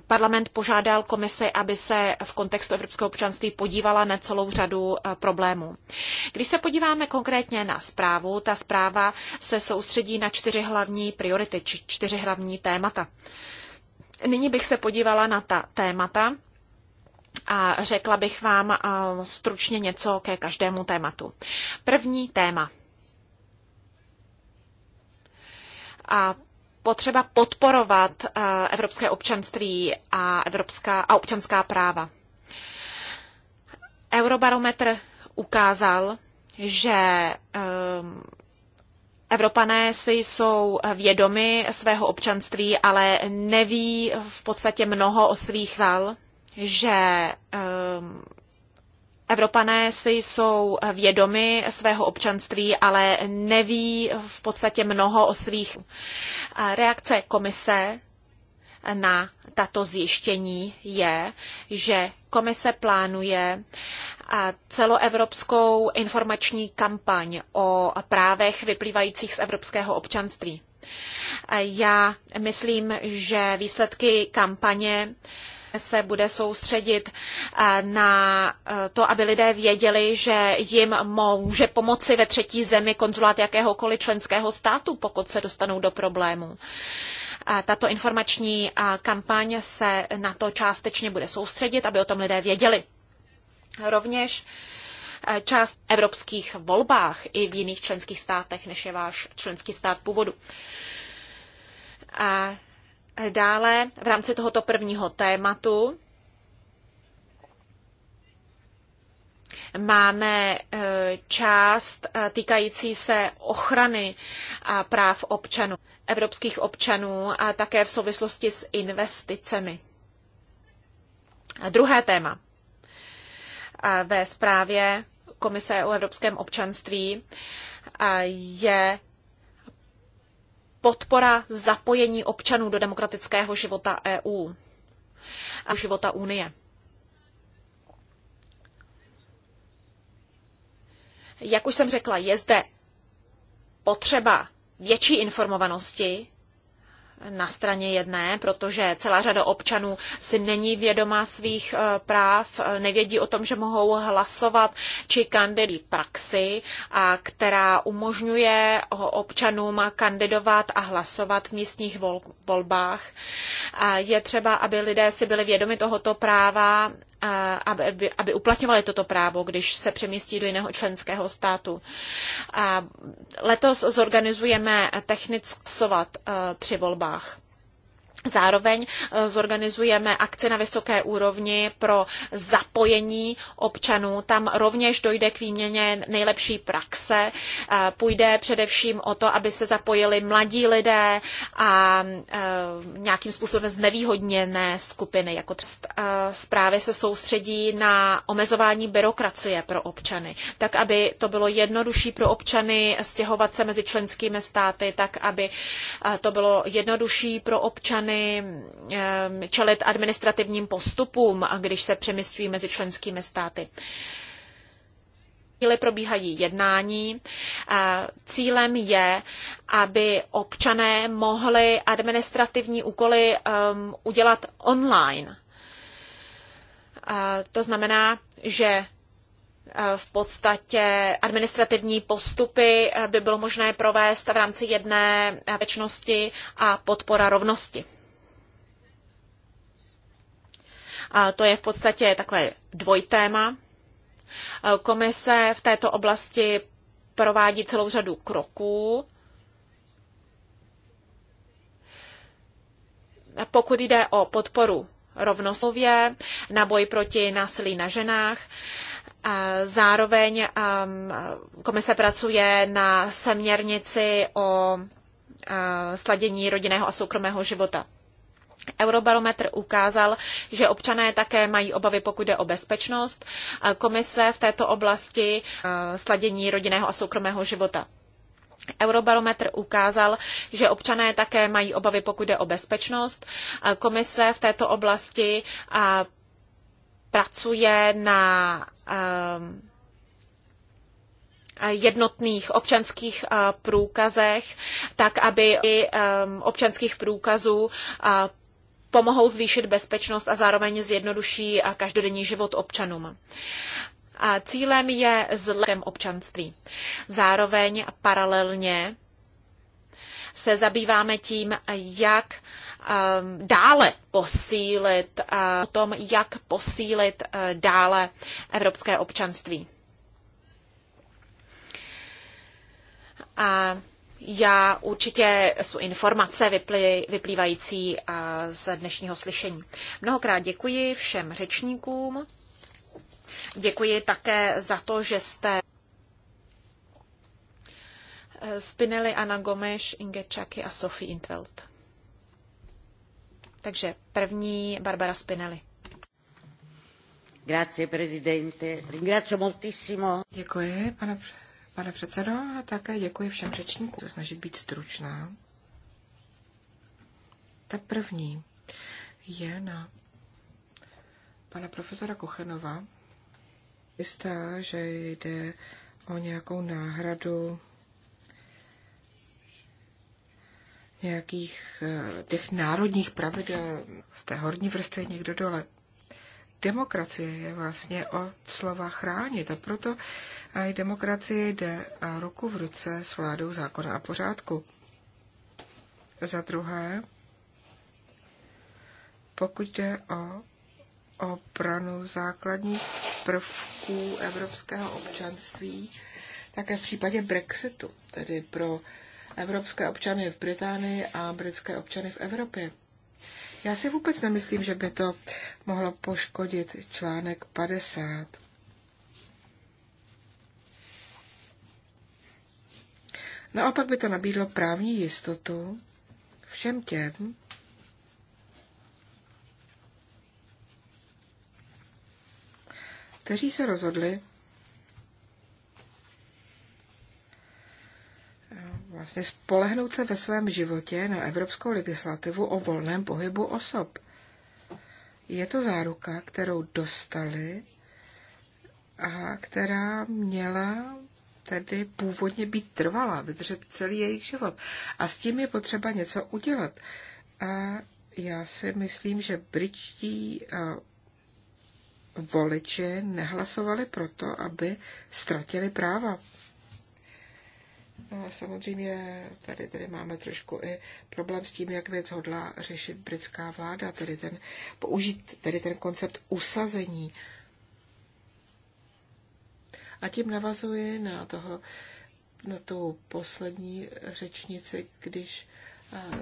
Parlament požádal komisi, aby se v kontextu evropského občanství podívala na celou řadu eh, problémů. Když se podíváme konkrétně na zprávu, ta zpráva se soustředí na čtyři hlavní priority, či čtyři hlavní témata. Nyní bych se podívala na ta témata a řekla bych vám eh, stručně něco ke každému tématu. První téma. A potřeba podporovat eh, evropské občanství a, evropská, a občanská práva. Eurobarometr ukázal, že ehm, Evropané si jsou vědomi svého občanství, ale neví v podstatě mnoho o svých zal, že ehm, Evropané si jsou vědomi svého občanství, ale neví v podstatě mnoho o svých reakce komise na tato zjištění je, že komise plánuje celoevropskou informační kampaň o právech vyplývajících z evropského občanství. Já myslím, že výsledky kampaně se bude soustředit eh, na eh, to, aby lidé věděli, že jim může pomoci ve třetí zemi konzulát jakéhokoliv členského státu, pokud se dostanou do problémů. Tato informační eh, kampaň se na to částečně bude soustředit, aby o tom lidé věděli. Rovněž část evropských volbách i v jiných členských státech, než je váš členský stát původu. A Dále v rámci tohoto prvního tématu máme eh, část eh, týkající se ochrany eh, práv občanů, evropských občanů a také v souvislosti s investicemi. A druhé téma. Ve zprávě Komise o evropském občanství je podpora zapojení občanů do demokratického života EU a života Unie. Jak už jsem řekla, je zde potřeba větší informovanosti na straně jedné, protože celá řada občanů si není vědoma svých eh, práv, eh, nevědí o tom, že mohou hlasovat, či kandidují praxi, a která umožňuje občanům kandidovat a hlasovat v místních volbách. Je třeba, aby lidé si byli vědomi tohoto práva aby, aby uplatňovali toto právo, když se přemístí do jiného členského státu. Letos zorganizujeme technický sovat eh, při volbách. Zároveň eh, zorganizujeme akce na vysoké úrovni pro zapojení občanů. Tam rovněž dojde k výměně nejlepší praxe. Eh, půjde především o to, aby se zapojili mladí lidé a eh, nějakým způsobem znevýhodněné skupiny. Jako zprávy se soustředí na omezování byrokracie pro občany, tak aby to bylo jednodušší pro občany stěhovat se mezi členskými státy, tak aby to bylo jednodušší pro občany schopny ehm, čelit administrativním postupům, když se přemysťují mezi členskými státy. Chvíli probíhají jednání. Cílem je, aby občané mohli administrativní úkoly ehm, udělat online. To znamená, že e, v podstatě administrativní postupy e, by bylo možné provést v rámci jedné věčnosti e, a podpora rovnosti. A to je v podstatě takové dvojtéma. E, komise v této oblasti provádí celou řadu kroků. Pokud jde o podporu rovnoslově, na boj proti násilí na ženách, zároveň komise pracuje na seměrnici o e, sladění rodinného a soukromého života. Eurobarometr ukázal, že občané také mají obavy, pokud jde o bezpečnost. Komise v této oblasti e, sladění rodinného a soukromého života. Eurobarometr ukázal, že občané také mají obavy, pokud jde o bezpečnost. Komise v této oblasti pracuje na ehm, jednotných občanských e, průkazech, tak aby ehm, občanských průkazů pomohou zvýšit bezpečnost a zároveň zjednoduší každodenní život občanům. A cílem je zlepšení občanství. Zároveň paralelně se zabýváme tím, jak ehm, dále posílit, o tom, jak posílit e, dále evropské občanství. A já určitě jsou informace vyplý, vyplývající z dnešního slyšení. Mnohokrát děkuji všem řečníkům. Děkuji také za to, že jste e, Spinelli, Anna Gomes, Inge Čaky a Sophie Intveld. Takže první Barbara Spinelli. Grazie, prezidente. Ringrazio moltissimo. Děkuji, pane Pane předsedo, a také děkuji všem řečníkům. Se snažit být stručná. Ta první je na pana profesora Kochenova. Jistá, že jde o nějakou náhradu nějakých eh, těch národních pravidel v té horní vrstvě někdo dole demokracie je vlastně od slova chránit a proto i demokracie jde ruku v ruce s vládou zákona a pořádku. Za druhé, pokud jde o obranu základních prvků evropského občanství, také v případě Brexitu, tedy pro evropské občany v Británii a britské občany v Evropě. Já si vůbec nemyslím, že by to mohlo poškodit článek 50. Naopak by to nabídlo právní jistotu všem těm, kteří se rozhodli vlastně spolehnout se ve svém životě na evropskou legislativu o volném pohybu osob. Je to záruka, kterou dostali a která měla tedy původně být trvalá, vydržet celý jejich život. A s tím je potřeba něco udělat. A já si myslím, že britští voliči nehlasovali proto, aby ztratili práva. Samozřejmě tady, tady máme trošku i problém s tím, jak věc hodlá řešit britská vláda, tedy ten, použít tedy ten koncept usazení. A tím navazuji na toho, na tu poslední řečnici, když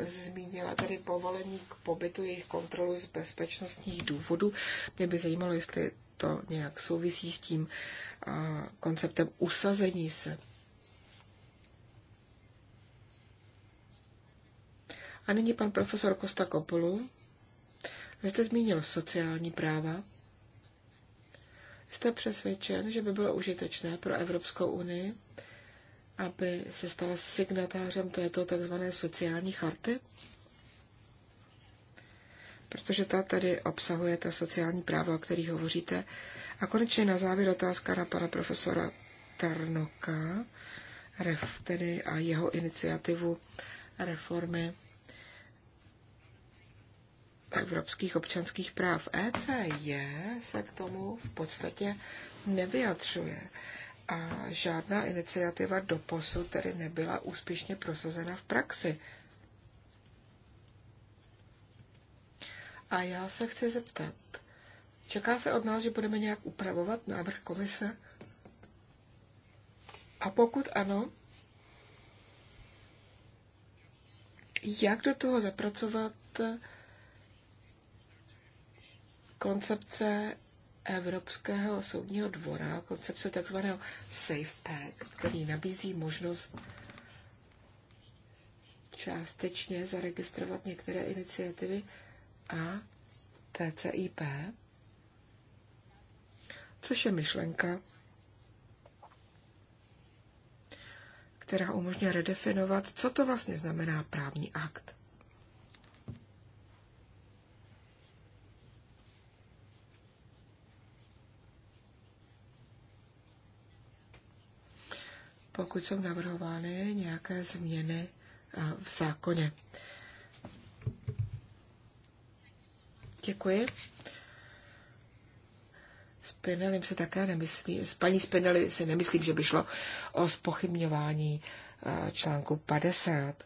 zmínila tady povolení k pobytu, jejich kontrolu z bezpečnostních důvodů. Mě by zajímalo, jestli to nějak souvisí s tím konceptem usazení se. A nyní pan profesor Kosta Kopolu. Vy jste zmínil sociální práva. Jste přesvědčen, že by bylo užitečné pro Evropskou unii, aby se stala signatářem této tzv. sociální charty? Protože ta tady obsahuje ta sociální práva, o kterých hovoříte. A konečně na závěr otázka na pana profesora Tarnoka, tedy a jeho iniciativu reformy evropských občanských práv. ECJ se k tomu v podstatě nevyjadřuje a žádná iniciativa do posu tedy nebyla úspěšně prosazena v praxi. A já se chci zeptat, čeká se od nás, že budeme nějak upravovat návrh komise? A pokud ano, jak do toho zapracovat koncepce Evropského soudního dvora, koncepce tzv. Safe Pack, který nabízí možnost částečně zaregistrovat některé iniciativy a TCIP, což je myšlenka, která umožňuje redefinovat, co to vlastně znamená právní akt. pokud jsou navrhovány nějaké změny eh, v zákoně. Děkuji. Spinelim se také nemyslí, s paní Spinelli si nemyslím, že by šlo o spochybňování eh, článku 50.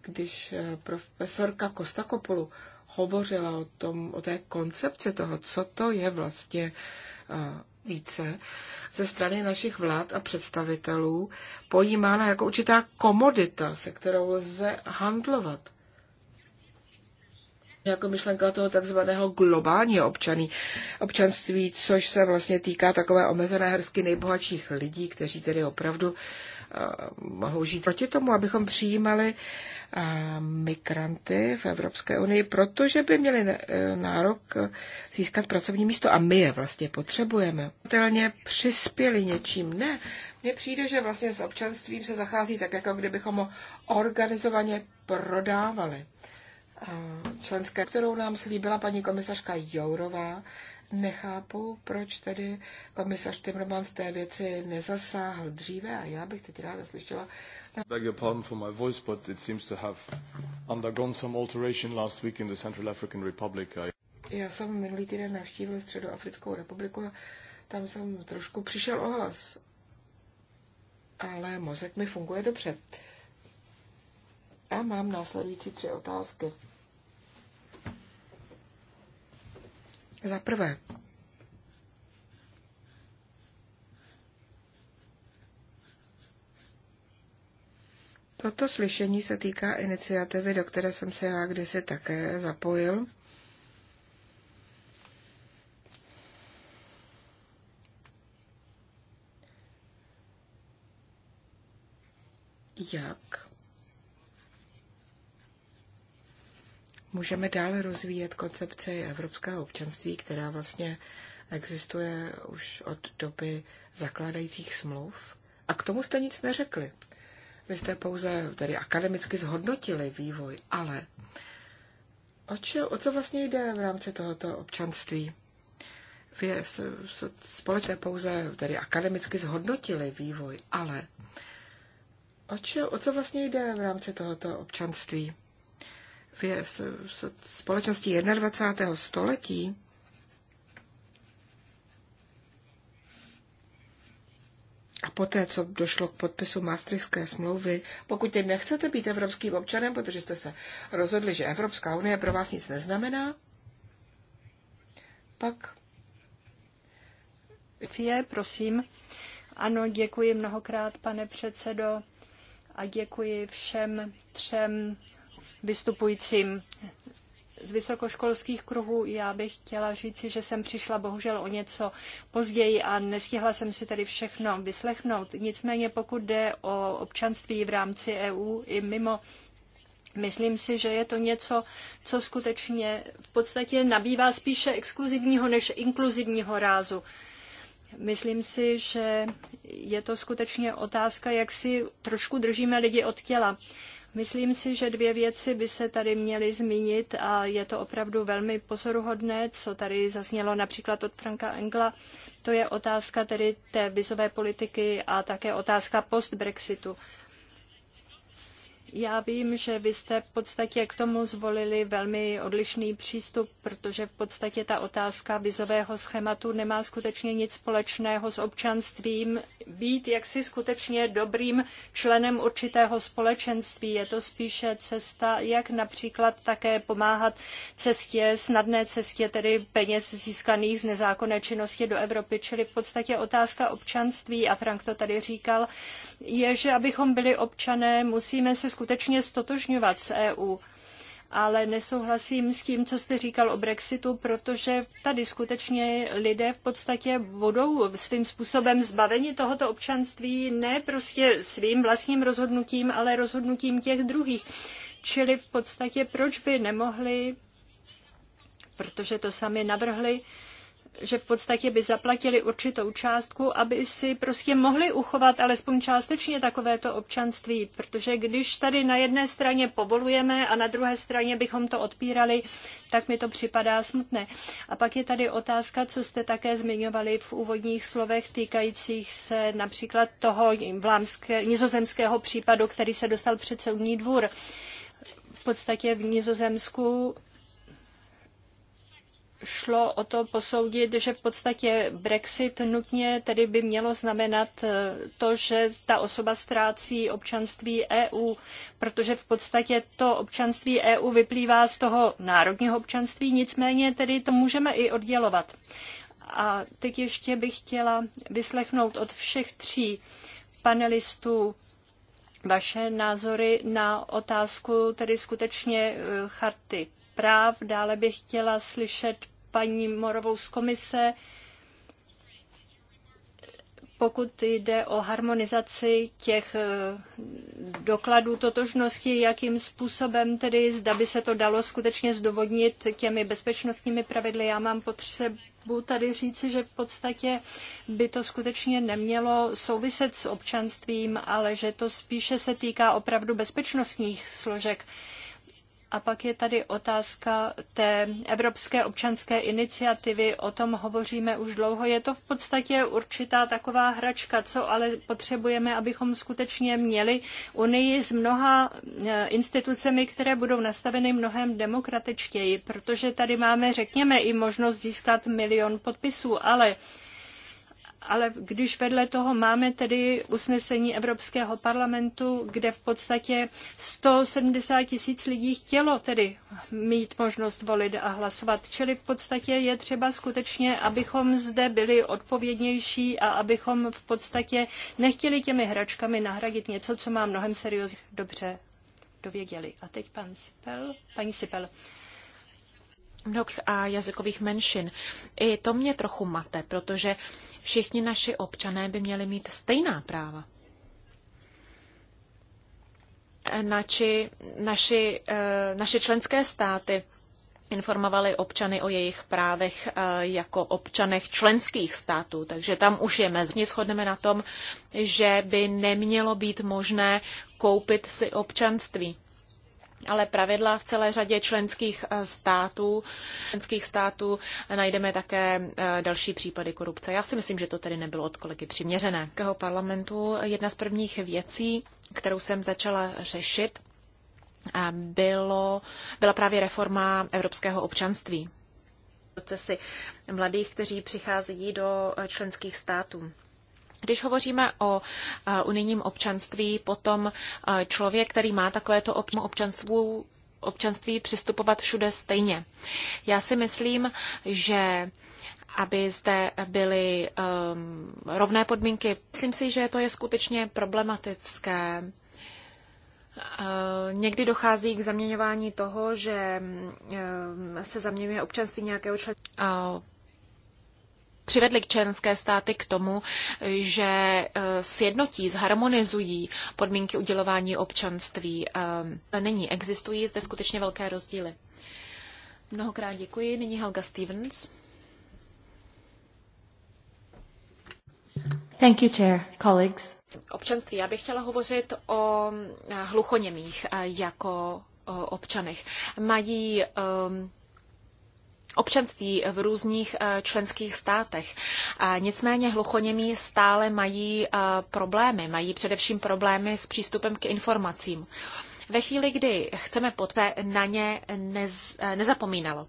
Když eh, profesorka Kostakopulu hovořila o, tom, o té koncepci toho, co to je vlastně uh, více ze strany našich vlád a představitelů pojímána jako určitá komodita, se kterou lze handlovat. Jako myšlenka toho takzvaného globálního občaní, občanství, což se vlastně týká takové omezené hrsky nejbohatších lidí, kteří tedy opravdu Eh, mohou žít proti tomu, abychom přijímali eh, migranty v Evropské unii, protože by měli eh, nárok získat pracovní místo a my je vlastně potřebujeme. Telně přispěli něčím. Ne, mně přijde, že vlastně s občanstvím se zachází tak, jako kdybychom ho organizovaně prodávali. Členské, kterou nám slíbila paní komisařka Jourová, nechápu, proč tedy komisař Timmermans té věci nezasáhl dříve a já bych teď ráda slyšela... beg your pardon for my voice, but it seems to have undergone some alteration last week in the Central African Republic. Já jsem minulý týden navštívil Středoafrickou republiku a tam jsem trošku přišel ohlas. Ale mozek mi funguje dobře. A mám následující tři otázky. Za prvé, Toto slyšení se týká iniciativy, do které jsem se já kdysi také zapojil. můžeme dále rozvíjet koncepci evropského občanství, která vlastně existuje už od doby zakládajících smluv. A k tomu jste nic neřekli. Vy jste pouze tady akademicky zhodnotili vývoj, ale o, či, o co vlastně jde v rámci tohoto občanství? Vy společně pouze tady akademicky zhodnotili vývoj, ale o, či, o co vlastně jde v rámci tohoto občanství? v společnosti 21. století a poté, co došlo k podpisu Maastrichtské smlouvy, pokud teď nechcete být evropským občanem, protože jste se rozhodli, že Evropská unie pro vás nic neznamená, pak... Fie, prosím. Ano, děkuji mnohokrát, pane předsedo, a děkuji všem třem vystupujícím z vysokoškolských kruhů. Já bych chtěla říci, že jsem přišla bohužel o něco později a nestihla jsem si tedy všechno vyslechnout. Nicméně pokud jde o občanství v rámci EU i mimo, myslím si, že je to něco, co skutečně v podstatě nabývá spíše exkluzivního než inkluzivního rázu. Myslím si, že je to skutečně otázka, jak si trošku držíme lidi od těla. Myslím si, že dvě věci by se tady měly zmínit a je to opravdu velmi pozoruhodné, co tady zaznělo například od Franka Engla. To je otázka tedy té vizové politiky a také otázka post-Brexitu. Já vím, že vy jste v podstatě k tomu zvolili velmi odlišný přístup, protože v podstatě ta otázka vizového schématu nemá skutečně nic společného s občanstvím. Být jaksi skutečně dobrým členem určitého společenství je to spíše cesta, jak například také pomáhat cestě, snadné cestě, tedy peněz získaných z nezákonné činnosti do Evropy. Čili v podstatě otázka občanství, a Frank to tady říkal, je, že abychom byli občané, musíme se skutečně stotožňovat s EU ale nesouhlasím s tím, co jste říkal o Brexitu, protože tady skutečně lidé v podstatě budou svým způsobem zbaveni tohoto občanství ne prostě svým vlastním rozhodnutím, ale rozhodnutím těch druhých. Čili v podstatě proč by nemohli, protože to sami navrhli, že v podstatě by zaplatili určitou částku, aby si prostě mohli uchovat alespoň částečně takovéto občanství, protože když tady na jedné straně povolujeme a na druhé straně bychom to odpírali, tak mi to připadá smutné. A pak je tady otázka, co jste také zmiňovali v úvodních slovech týkajících se například toho vlámské, nizozemského případu, který se dostal před soudní dvůr. V podstatě v Nizozemsku šlo o to posoudit, že v podstatě Brexit nutně tedy by mělo znamenat eh, to, že ta osoba ztrácí občanství EU, protože v podstatě to občanství EU vyplývá z toho národního občanství, nicméně tedy to můžeme i oddělovat. A teď ještě bych chtěla vyslechnout od všech tří panelistů vaše názory na otázku tedy skutečně eh, charty práv. Dále bych chtěla slyšet paní Morovou z komise, pokud jde o harmonizaci těch eh, dokladů totožnosti, jakým způsobem tedy, zda by se to dalo skutečně zdůvodnit těmi bezpečnostními pravidly. Já mám potřebu tady říci, že v podstatě by to skutečně nemělo souviset s občanstvím, ale že to spíše se týká opravdu bezpečnostních složek a pak je tady otázka té Evropské občanské iniciativy. O tom hovoříme už dlouho. Je to v podstatě určitá taková hračka, co ale potřebujeme, abychom skutečně měli Unii s mnoha e, institucemi, které budou nastaveny mnohem demokratičtěji, protože tady máme, řekněme, i možnost získat milion podpisů, ale ale když vedle toho máme tedy usnesení Evropského parlamentu, kde v podstatě 170 tisíc lidí chtělo tedy mít možnost volit a hlasovat. Čili v podstatě je třeba skutečně, abychom zde byli odpovědnější a abychom v podstatě nechtěli těmi hračkami nahradit něco, co má mnohem seriózně dobře dověděli. A teď pan Sipel, paní Sipel a jazykových menšin. I to mě trochu mate, protože Všichni naši občané by měli mít stejná práva. Nači, naši, eh, naše členské státy informovali občany o jejich právech eh, jako občanech členských států. Takže tam už je mezi. Shodneme na tom, že by nemělo být možné koupit si občanství ale pravidla v celé řadě členských eh, států. Členských států eh, najdeme také eh, další případy korupce. Já si myslím, že to tedy nebylo od kolegy přiměřené. Kého parlamentu jedna z prvních věcí, kterou jsem začala řešit, bylo, byla právě reforma evropského občanství. Procesy mladých, kteří přicházejí do členských států. Když hovoříme o eh, unijním občanství, potom eh, člověk, který má takovéto občanství, občanství přistupovat všude stejně. Já si myslím, že aby zde byly um, rovné podmínky. Myslím si, že to je skutečně problematické. Uh, někdy dochází k zaměňování toho, že uh, se zaměňuje občanství nějakého člena. Uh, přivedly členské státy k tomu, že eh, sjednotí, zharmonizují podmínky udělování občanství. Eh, Není, existují zde skutečně velké rozdíly. Mnohokrát děkuji. Nyní Helga Stevens. Thank you, Chair. Colleagues. Občanství. Já bych chtěla hovořit o eh, hluchoněmých jako občanech. Mají um, občanství v různých eh, členských státech. Nicméně hluchoněmí stále mají eh, problémy, mají především problémy s přístupem k informacím. Ve chvíli, kdy chceme poté na ně nez, eh, nezapomínalo.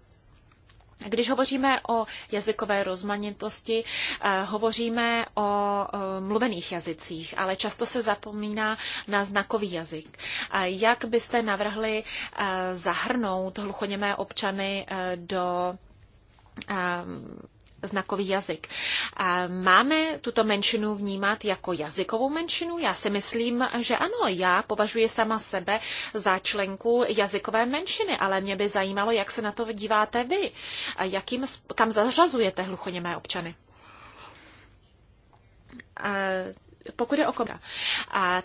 Když hovoříme o jazykové rozmanitosti, eh, hovoříme o eh, mluvených jazycích, ale často se zapomíná na znakový jazyk. Jak byste navrhli eh, zahrnout hluchoněmé občany do znakový jazyk. Máme tuto menšinu vnímat jako jazykovou menšinu? Já si myslím, že ano. Já považuji sama sebe za členku jazykové menšiny, ale mě by zajímalo, jak se na to díváte vy. Jakým, kam zařazujete hluchoněmé občany? Pokud je o komra,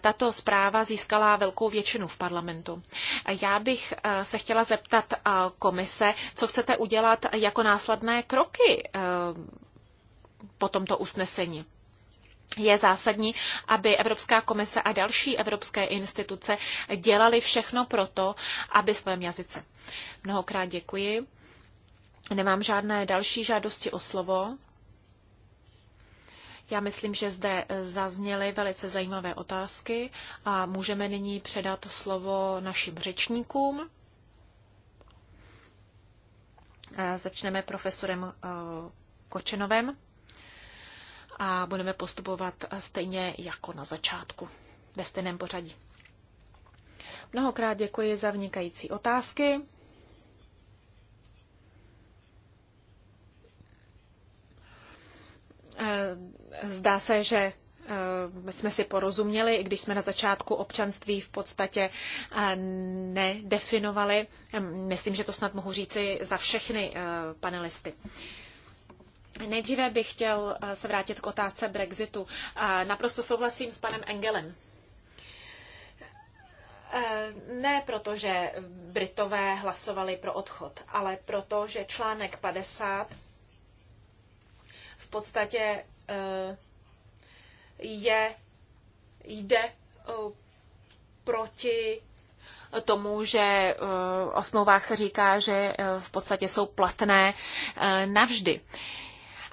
tato zpráva získala velkou většinu v parlamentu. Já bych eh, se chtěla zeptat eh, komise, co chcete udělat jako následné kroky eh, po tomto usnesení. Je zásadní, aby Evropská komise a další evropské instituce dělali všechno proto, aby v svém jazyce. Mnohokrát děkuji. Nemám žádné další žádosti o slovo. Já myslím, že zde eh, zazněly velice zajímavé otázky a můžeme nyní předat slovo našim řečníkům. Začneme profesorem eh, Kočenovem a budeme postupovat eh, stejně jako na začátku, ve stejném pořadí. Mnohokrát děkuji za vnikající otázky. Eh, zdá se, že eh, jsme si porozuměli, i když jsme na začátku občanství v podstatě eh, nedefinovali. Myslím, že to snad mohu říci za všechny panelisty. Nejdříve bych chtěl se vrátit k otázce Brexitu. Naprosto souhlasím s panem Engelem. Ne proto, že Britové hlasovali pro odchod, ale proto, že článek 50 podstatě eh, je, jde eh, proti tomu, že eh, o smlouvách se říká, že v podstatě jsou platné navždy.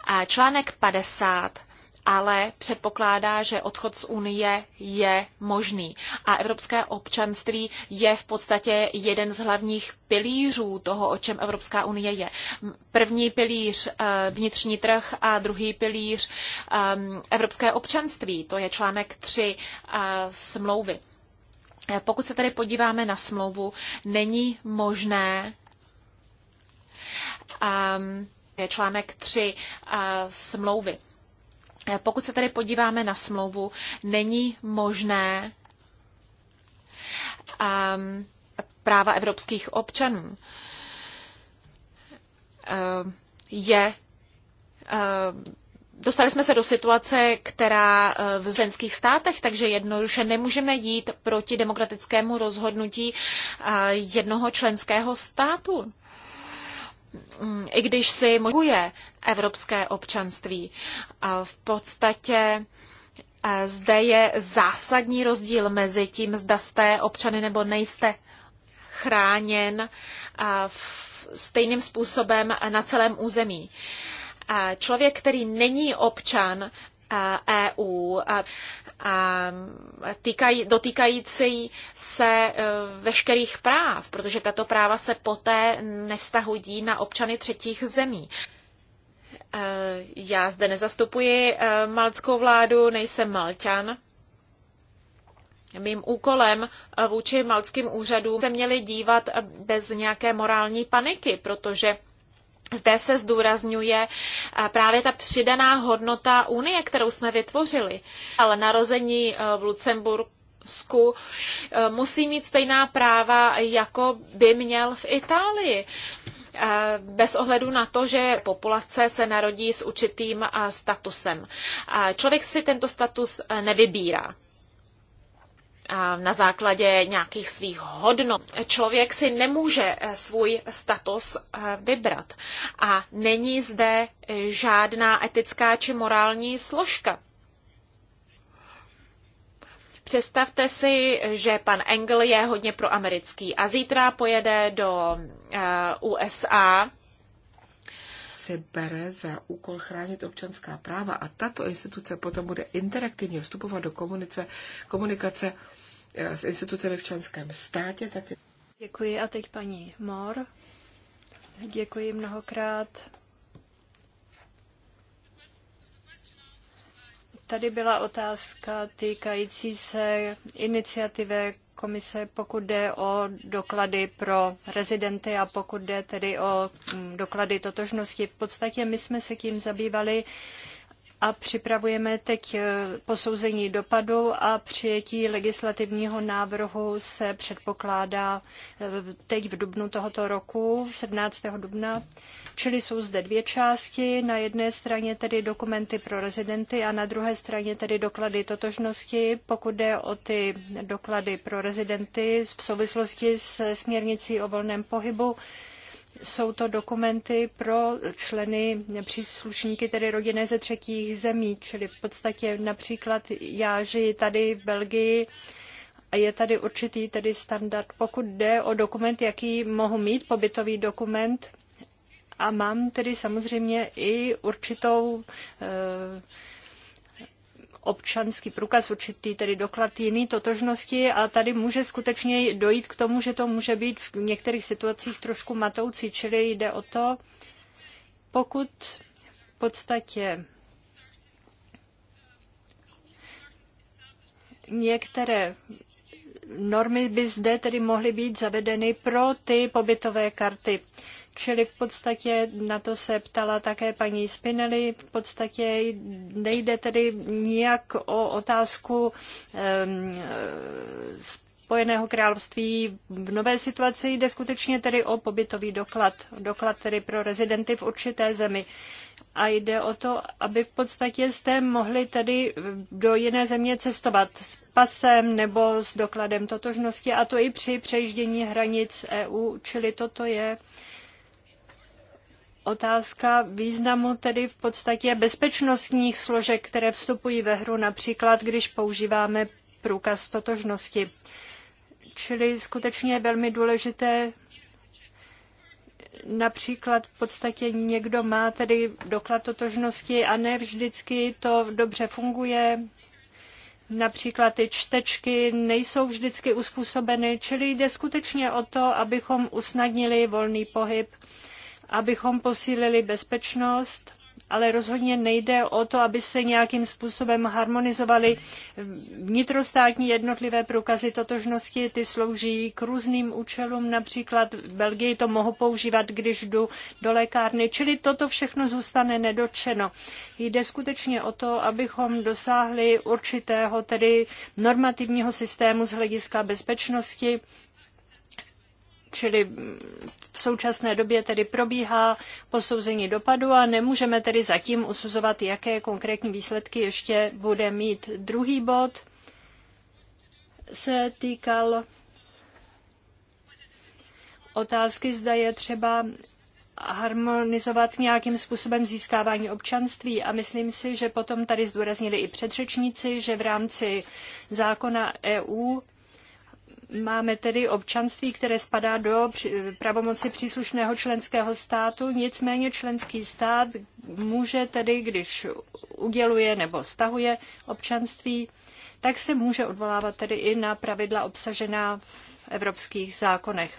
A článek 50 ale předpokládá, že odchod z Unie je možný. A evropské občanství je v podstatě jeden z hlavních pilířů toho, o čem Evropská unie je. První pilíř eh, vnitřní trh a druhý pilíř eh, evropské občanství, to je článek 3 eh, smlouvy. Pokud se tady podíváme na smlouvu, není možné je článek 3 smlouvy. Eh, pokud se tedy podíváme na smlouvu, není možné um, práva evropských občanů. Um, je um, Dostali jsme se do situace, která v zemských státech, takže jednoduše nemůžeme jít proti demokratickému rozhodnutí jednoho členského státu. Mm, i když si možuje evropské občanství. V podstatě e, zde je zásadní rozdíl mezi tím, zda jste občany nebo nejste chráněn e, v stejným způsobem na celém území. E, člověk, který není občan, EU týkaj, dotýkající se e, veškerých práv, protože tato práva se poté nevztahují na občany třetích zemí. E, já zde nezastupuji e, malckou vládu, nejsem malťan. Mým úkolem vůči malckým úřadům se měli dívat bez nějaké morální paniky, protože zde se zdůrazňuje eh, právě ta přidaná hodnota Unie, kterou jsme vytvořili. Ale narození eh, v Lucembursku eh, musí mít stejná práva, jako by měl v Itálii. Bez ohledu na to, že populace se narodí s určitým statusem. Člověk si tento status nevybírá na základě nějakých svých hodnot. Člověk si nemůže eh, svůj status eh, vybrat a není zde žádná etická či morální složka. Představte si, že pan Engel je hodně proamerický a zítra pojede do eh, USA se bere za úkol chránit občanská práva a tato instituce potom bude interaktivně vstupovat do komunice, komunikace Eh, s institucemi v členském státě. Tak... Děkuji a teď paní Mor. Děkuji mnohokrát. Tady byla otázka týkající se iniciativy komise, pokud jde o doklady pro rezidenty a pokud jde tedy o mm, doklady totožnosti. V podstatě my jsme se tím zabývali a připravujeme teď eh, posouzení dopadu a přijetí legislativního návrhu se předpokládá eh, teď v dubnu tohoto roku, 17. dubna. Čili jsou zde dvě části, na jedné straně tedy dokumenty pro rezidenty a na druhé straně tedy doklady totožnosti. Pokud jde o ty doklady pro rezidenty v souvislosti s směrnicí o volném pohybu, jsou to dokumenty pro členy, příslušníky tedy rodinné ze třetích zemí, čili v podstatě například já žiji tady v Belgii a je tady určitý tedy standard. Pokud jde o dokument, jaký mohu mít, pobytový dokument, a mám tedy samozřejmě i určitou e, občanský průkaz, určitý tedy doklad jiný totožnosti a tady může skutečně dojít k tomu, že to může být v některých situacích trošku matoucí, čili jde o to, pokud v podstatě některé normy by zde tedy mohly být zavedeny pro ty pobytové karty. Čili v podstatě na to se ptala také paní Spinelli. V podstatě nejde tedy nijak o otázku eh, Spojeného království v nové situaci jde skutečně tedy o pobytový doklad, doklad tedy pro rezidenty v určité zemi. A jde o to, aby v podstatě jste mohli tedy do jiné země cestovat s pasem nebo s dokladem totožnosti, a to i při přejíždění hranic EU, čili toto je uh, otázka významu tedy v podstatě bezpečnostních složek, které vstupují ve hru, například když používáme průkaz totožnosti. Čili skutečně je velmi důležité například v podstatě někdo má tedy doklad totožnosti a ne vždycky to dobře funguje. Například ty čtečky nejsou vždycky uspůsobeny, čili jde skutečně o to, abychom usnadnili volný pohyb abychom posílili bezpečnost, ale rozhodně nejde o to, aby se nějakým způsobem harmonizovaly vnitrostátní jednotlivé průkazy totožnosti. Ty slouží k různým účelům, například v Belgii to mohu používat, když jdu do lékárny, čili toto všechno zůstane nedočeno. Jde skutečně o to, abychom dosáhli určitého tedy normativního systému z hlediska bezpečnosti Čili v současné době tedy probíhá posouzení dopadu a nemůžeme tedy zatím usuzovat, jaké konkrétní výsledky ještě bude mít. Druhý bod se týkal otázky, zda je třeba harmonizovat nějakým způsobem získávání občanství. A myslím si, že potom tady zdůraznili i předřečníci, že v rámci zákona EU Máme tedy občanství, které spadá do pravomoci příslušného členského státu, nicméně členský stát může tedy, když uděluje nebo stahuje občanství, tak se může odvolávat tedy i na pravidla obsažená v evropských zákonech.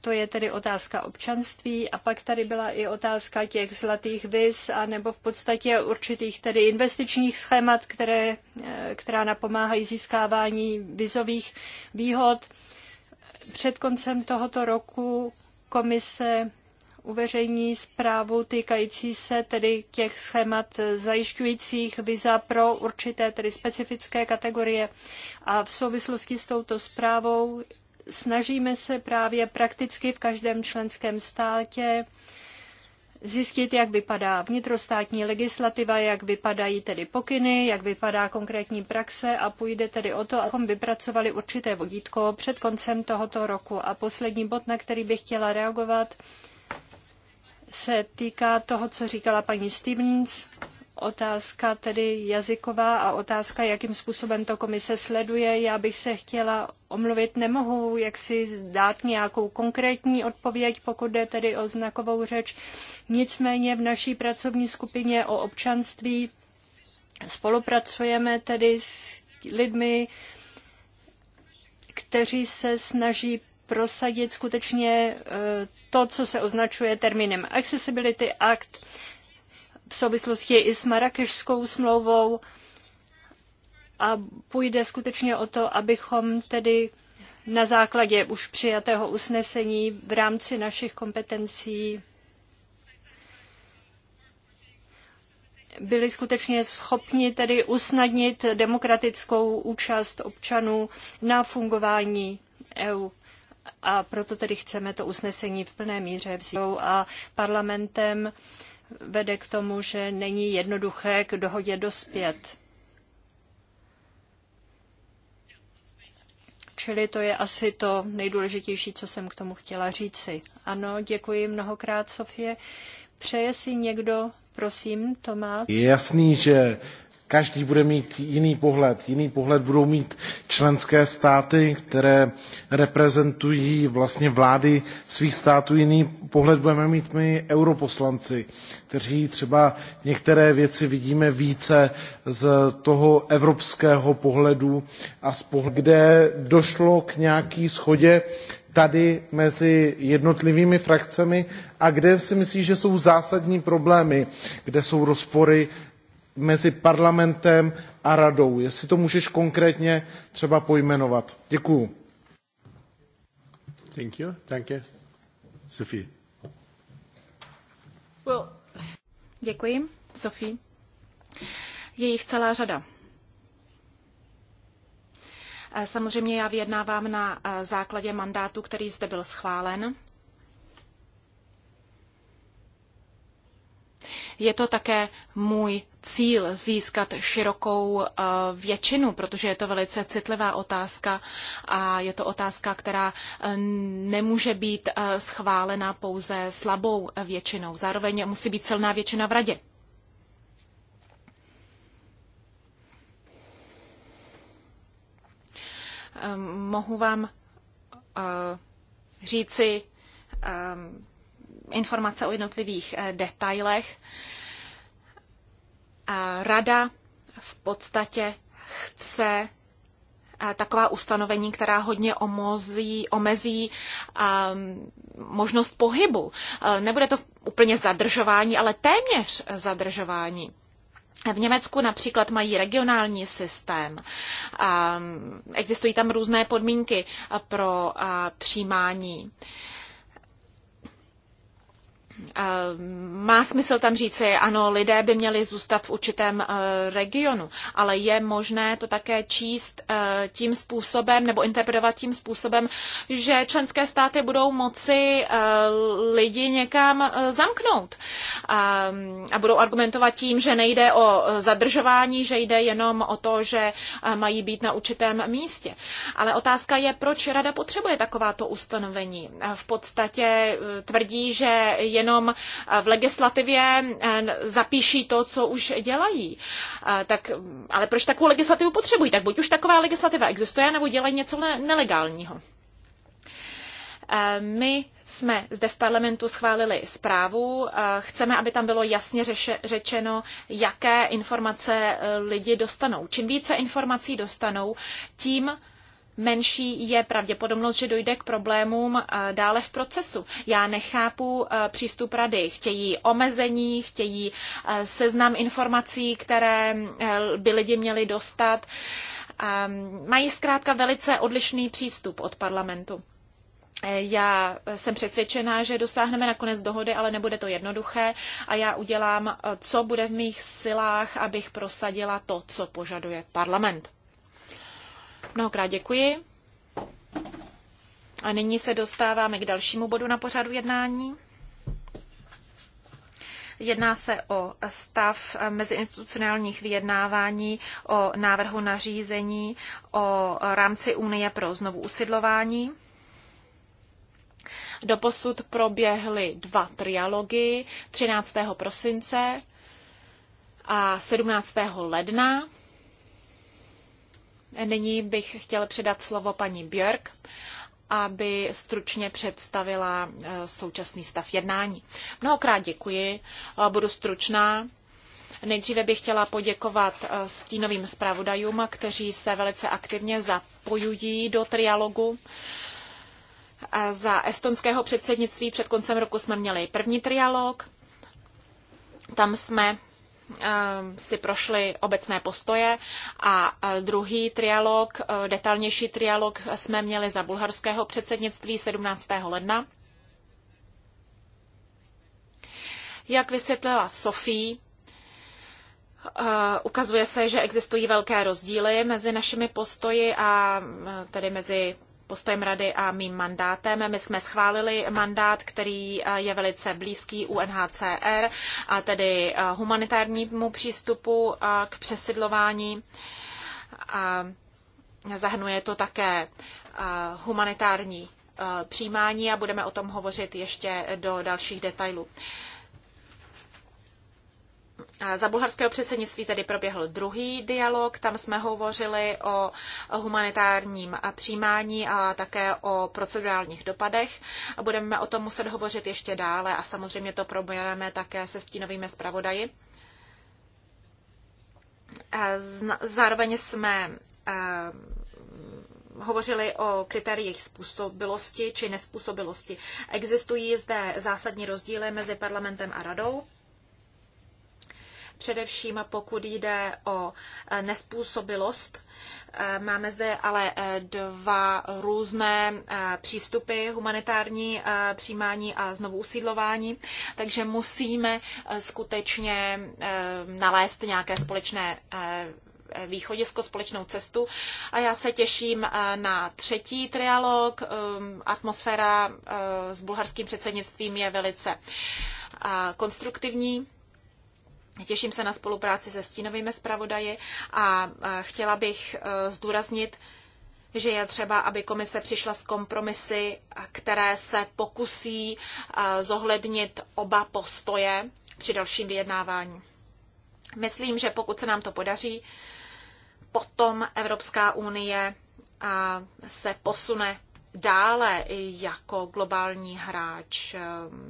To je tedy otázka občanství a pak tady byla i otázka těch zlatých viz a nebo v podstatě určitých tedy investičních schémat, které, eh, která napomáhají získávání vizových výhod. Před koncem tohoto roku komise uveřejní zprávu týkající se tedy těch schémat zajišťujících viza pro určité tedy specifické kategorie. A v souvislosti s touto zprávou snažíme se právě prakticky v každém členském státě zjistit, jak vypadá vnitrostátní legislativa, jak vypadají tedy pokyny, jak vypadá konkrétní praxe a půjde tedy o to, abychom vypracovali určité vodítko před koncem tohoto roku. A poslední bod, na který bych chtěla reagovat, se týká toho, co říkala paní Stevens otázka tedy jazyková a otázka, jakým způsobem to komise sleduje. Já bych se chtěla omluvit, nemohu jak si dát nějakou konkrétní odpověď, pokud jde tedy o znakovou řeč. Nicméně v naší pracovní skupině o občanství spolupracujeme tedy s lidmi, kteří se snaží prosadit skutečně eh, to, co se označuje termínem Accessibility Act, v souvislosti i s Marrakešskou smlouvou a půjde skutečně o to, abychom tedy na základě už přijatého usnesení v rámci našich kompetencí byli skutečně schopni tedy usnadnit demokratickou účast občanů na fungování EU. A proto tedy chceme to usnesení v plné míře vzít a parlamentem vede k tomu, že není jednoduché k dohodě dospět. Čili to je asi to nejdůležitější, co jsem k tomu chtěla říci. Ano, děkuji mnohokrát, Sofie. Přeje si někdo, prosím, Tomáš. Je jasný, že Každý bude mít jiný pohled. Jiný pohled budou mít členské státy, které reprezentují vlastně vlády svých států. Jiný pohled budeme mít my europoslanci, kteří třeba některé věci vidíme více z toho evropského pohledu a z pohledu, kde došlo k nějaký schodě tady mezi jednotlivými frakcemi a kde si myslím, že jsou zásadní problémy, kde jsou rozpory mezi parlamentem a radou. Jestli to můžeš konkrétně třeba pojmenovat. Děkuju. Thank you. Danke. Sophie. Well. Děkuji, Sophie. Je jich celá řada. Eh, samozřejmě já vyjednávám na eh, základě mandátu, který zde byl schválen Je to také můj cíl získat širokou eh, většinu, protože je to velice citlivá otázka a je to otázka, která eh, nemůže být eh, schválena pouze slabou většinou. Zároveň musí být silná většina v radě. Ehm, mohu vám říci, ehm, informace o jednotlivých eh, detailech. Rada v podstatě chce eh, taková ustanovení, která hodně omozí, omezí ehm, možnost pohybu. Eh, nebude to úplně zadržování, ale téměř zadržování. V Německu například mají regionální systém. Ehm, existují tam různé podmínky pro přijímání má smysl tam říci, ano, lidé by měli zůstat v určitém eh, regionu, ale je možné to také číst eh, tím způsobem nebo interpretovat tím způsobem, že členské státy budou moci eh, lidi někam zamknout a budou argumentovat tím, že nejde o zadržování, že jde jenom o to, že mají být na určitém místě. Ale otázka je, proč rada potřebuje takováto ustanovení. V podstatě tvrdí, že je jenom v legislativě eh, zapíší to, co už dělají. Eh, tak, ale proč takovou legislativu potřebují? Tak buď už taková legislativa existuje, nebo dělají něco nelegálního. Eh, my jsme zde v parlamentu schválili zprávu. Chceme, aby tam bylo jasně řečeno, jaké informace lidi dostanou. Čím více informací dostanou, tím menší je pravděpodobnost, že dojde k problémům eh, dále v procesu. Já nechápu eh, přístup rady. Chtějí omezení, chtějí eh, seznam informací, které by lidi měli dostat. Mají zkrátka velice odlišný přístup od parlamentu. Já jsem přesvědčená, že dosáhneme nakonec dohody, ale nebude to jednoduché a já udělám, co bude v mých silách, abych prosadila to, co požaduje parlament. Mnohokrát děkuji. A nyní se dostáváme k dalšímu bodu na pořadu jednání. Jedná se o stav meziinstitucionálních vyjednávání, o návrhu nařízení, o rámci Unie pro znovu usidlování. Doposud proběhly dva trialogy 13. prosince a 17. ledna. Nyní bych chtěla předat slovo paní Björk, aby stručně představila eh, současný stav jednání. Mnohokrát děkuji, eh, budu stručná. Nejdříve bych chtěla poděkovat eh, stínovým zpravodajům, kteří se velice aktivně zapojují do trialogu. Za estonského předsednictví před koncem roku jsme měli první trialog. Tam jsme Ehm, si prošly obecné postoje a e, druhý trialog, e, detalnější trialog jsme měli za bulharského předsednictví 17. ledna. Jak vysvětlila Sofie, e, ukazuje se, že existují velké rozdíly mezi našimi postoji a tedy mezi postojem rady a mým mandátem. My jsme schválili mandát, který eh, je velice blízký UNHCR, a tedy eh, humanitárnímu přístupu eh, k přesidlování. A zahrnuje to také humanitární přijímání a budeme o tom hovořit ještě do dalších detailů. Za bulharského předsednictví tedy proběhl druhý dialog, tam jsme hovořili o humanitárním přijímání a také o procedurálních dopadech. Budeme o tom muset hovořit ještě dále a samozřejmě to probujeme také se stínovými zpravodaji. Zároveň jsme eh, hovořili o kritériích způsobilosti či nespůsobilosti. Existují zde zásadní rozdíly mezi parlamentem a radou především pokud jde o eh, nespůsobilost. Eh, máme zde ale eh, dva různé přístupy, humanitární přijímání a znovu usídlování, takže musíme skutečně nalézt nějaké společné východisko, společnou cestu. A já se těším na třetí trialog. Atmosféra s bulharským předsednictvím je velice konstruktivní. Těším se na spolupráci se stínovými zpravodaji a chtěla bych e, zdůraznit, že je třeba, aby komise přišla s kompromisy, které se pokusí e, zohlednit oba postoje při dalším vyjednávání. Myslím, že pokud se nám to podaří, potom Evropská unie se posune dále jako globální hráč. Eh,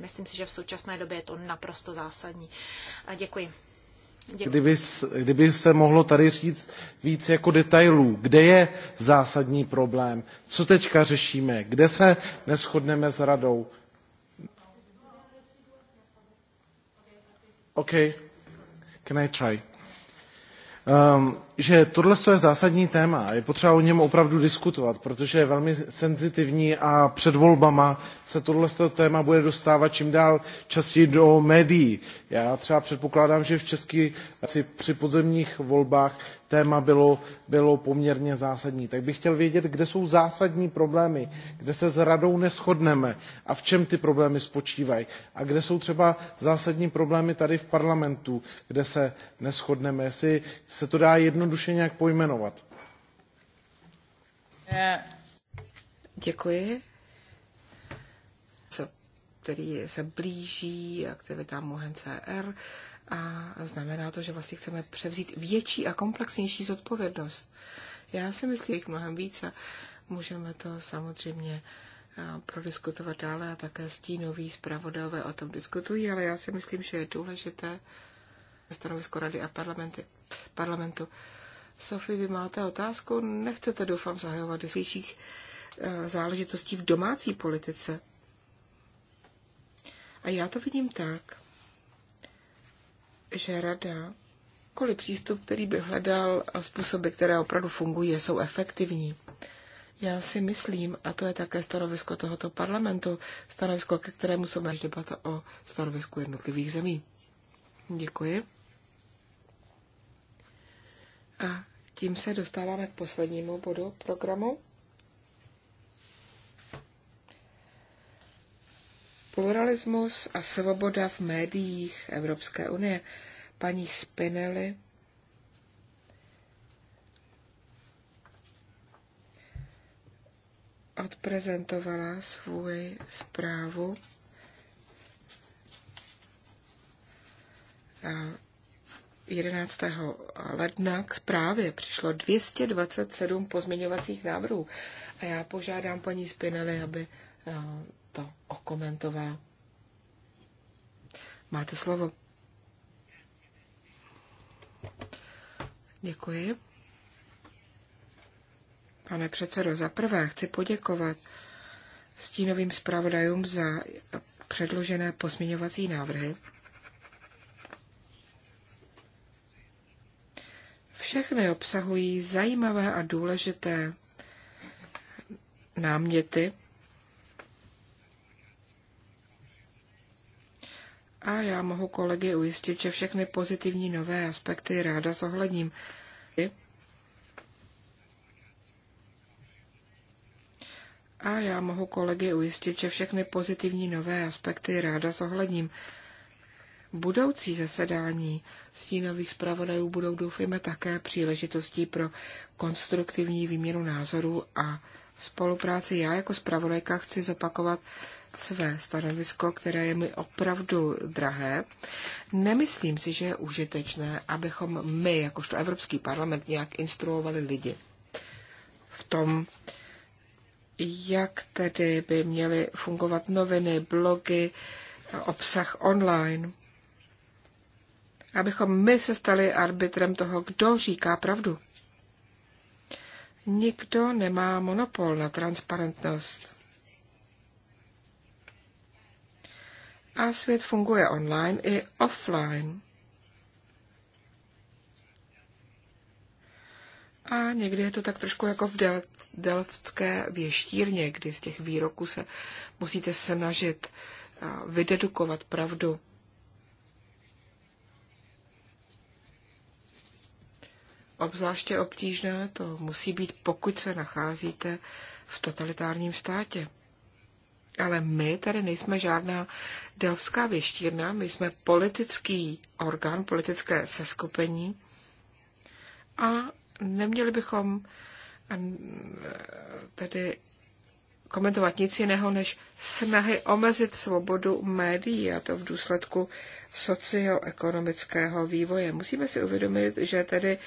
myslím si, že v současné době je to naprosto zásadní. Děkuji. Děkuji. Kdyby, kdyby se mohlo tady říct víc jako detailů, kde je zásadní problém, co teďka řešíme, kde se neschodneme s radou. OK, can I try? Um, že tohle je zásadní téma. Je potřeba o něm opravdu diskutovat, protože je velmi senzitivní a před volbama se tohle téma bude dostávat čím dál častěji do médií. Já třeba předpokládám, že v České při podzemních volbách téma bylo, bylo poměrně zásadní. Tak bych chtěl vědět, kde jsou zásadní problémy, kde se s radou neschodneme a v čem ty problémy spočívají. A kde jsou třeba zásadní problémy tady v parlamentu, kde se neschodneme, jestli se to dá jedno jednoduše nějak pojmenovat. Eh. Děkuji. Který se blíží aktivitám MOHEN-CR a znamená to, že vlastně chceme převzít větší a komplexnější zodpovědnost. Já si myslím, že jich mnohem více. Můžeme to samozřejmě eh, prodiskutovat dále a také stínoví zpravodajové o tom diskutují, ale já si myslím, že je důležité stanovisko Rady a parlamenty parlamentu. Sofie, vy máte otázku? Nechcete, doufám, zahajovat svých eh, záležitostí v domácí politice. A já to vidím tak, že rada, koli přístup, který by hledal a způsoby, které opravdu fungují, jsou efektivní. Já si myslím, a to je také stanovisko tohoto parlamentu, stanovisko, ke kterému se debata o stanovisku jednotlivých zemí. Děkuji. A tím se dostáváme k poslednímu bodu programu. Pluralismus a svoboda v médiích Evropské unie. Paní Spinelli odprezentovala svůj zprávu. A 11. ledna k zprávě přišlo 227 pozměňovacích návrhů a já požádám paní Spinelli, aby eh, to okomentovala. Máte slovo. Děkuji. Pane předsedo, za prvé chci poděkovat stínovým zpravodajům za předložené pozměňovací návrhy. Všechny obsahují zajímavé a důležité náměty. A já mohu kolegy ujistit, že všechny pozitivní nové aspekty ráda zohledním. A já mohu kolegy ujistit, že všechny pozitivní nové aspekty ráda zohledním budoucí zasedání stínových zpravodajů budou, doufejme, také příležitostí pro konstruktivní výměnu názorů a spolupráci. Já jako zpravodajka chci zopakovat své stanovisko, které je mi opravdu drahé. Nemyslím si, že je užitečné, abychom my, jakožto Evropský parlament, nějak instruovali lidi v tom, jak tedy by měly fungovat noviny, blogy, obsah online abychom my se stali arbitrem toho, kdo říká pravdu. Nikdo nemá monopol na transparentnost. A svět funguje online i offline. A někdy je to tak trošku jako v del- delftské věštírně, kdy z těch výroků se musíte snažit vydedukovat pravdu. obzvláště obtížné to musí být, pokud se nacházíte v totalitárním státě. Ale my tady nejsme žádná delfská věštírna, my jsme politický orgán, politické seskupení a neměli bychom eh, tedy komentovat nic jiného než snahy omezit svobodu médií a to v důsledku socioekonomického vývoje. Musíme si uvědomit, že tedy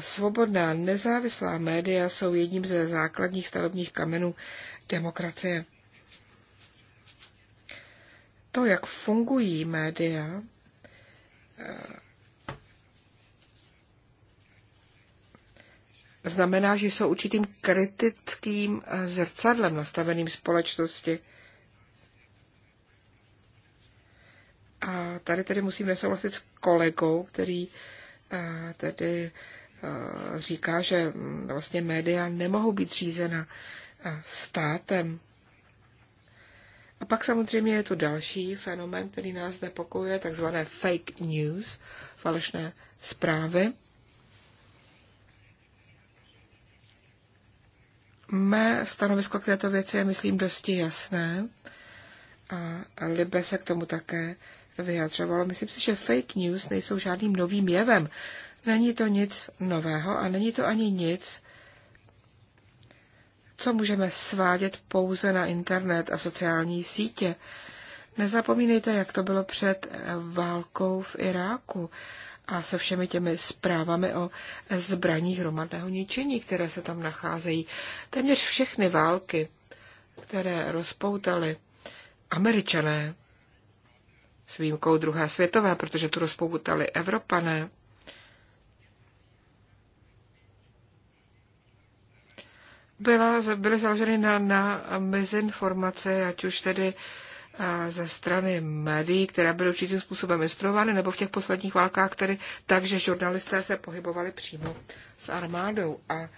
Svobodná nezávislá média jsou jedním ze základních stavebních kamenů demokracie. To, jak fungují média, eh, znamená, že jsou určitým kritickým eh, zrcadlem nastaveným společnosti. A tady tedy musím nesouhlasit s kolegou, který eh, tedy Eh, říká, že mm, vlastně média nemohou být řízena eh, státem. A pak samozřejmě je tu další fenomen, který nás nepokojuje, takzvané fake news, falešné zprávy. Mé stanovisko k této věci je, myslím, dosti jasné a Libe se k tomu také vyjadřovalo. Myslím si, že fake news nejsou žádným novým jevem. Není to nic nového a není to ani nic, co můžeme svádět pouze na internet a sociální sítě. Nezapomínejte, jak to bylo před válkou v Iráku a se všemi těmi zprávami o zbraních hromadného ničení, které se tam nacházejí. Téměř všechny války, které rozpoutali američané, s výjimkou druhé světové, protože tu rozpoutali Evropané, byla, byly založeny na, na mezinformace ať už tedy ze strany médií, které byly určitým způsobem instruovány, nebo v těch posledních válkách tedy tak, že žurnalisté se pohybovali přímo s armádou. A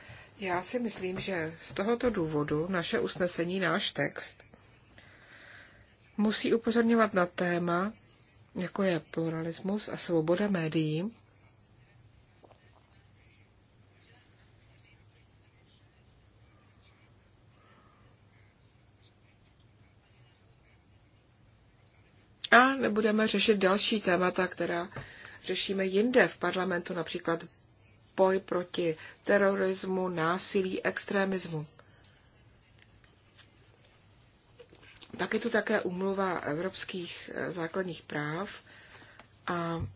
já si myslím, že z tohoto důvodu naše usnesení, náš text, musí upozorňovat na téma, jako je pluralismus a svoboda médií, A nebudeme řešit další témata, která řešíme jinde v parlamentu, například boj proti terorismu, násilí, extremismu. Pak je tu také umluva evropských eh, základních práv a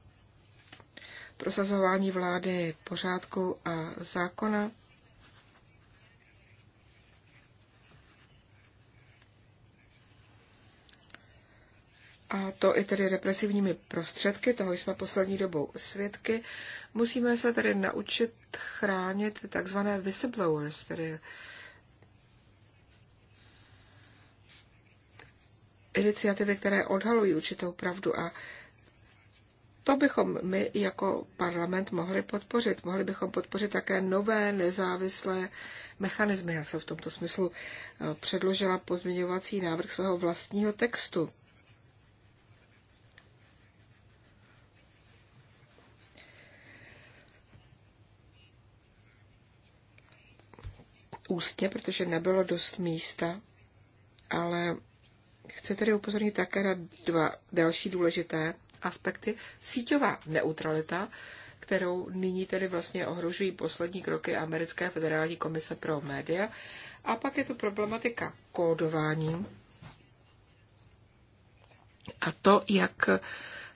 prosazování vlády pořádku a zákona. a to i tedy represivními prostředky, toho jsme poslední dobou svědky, musíme se tedy naučit chránit takzvané whistleblowers, tedy iniciativy, které odhalují určitou pravdu a to bychom my jako parlament mohli podpořit. Mohli bychom podpořit také nové nezávislé mechanismy. Já jsem v tomto smyslu eh, předložila pozměňovací návrh svého vlastního textu. ústně, protože nebylo dost místa, ale chci tedy upozornit také na dva další důležité aspekty. Síťová neutralita, kterou nyní tedy vlastně ohrožují poslední kroky Americké federální komise pro média. A pak je tu problematika kódování a to, jak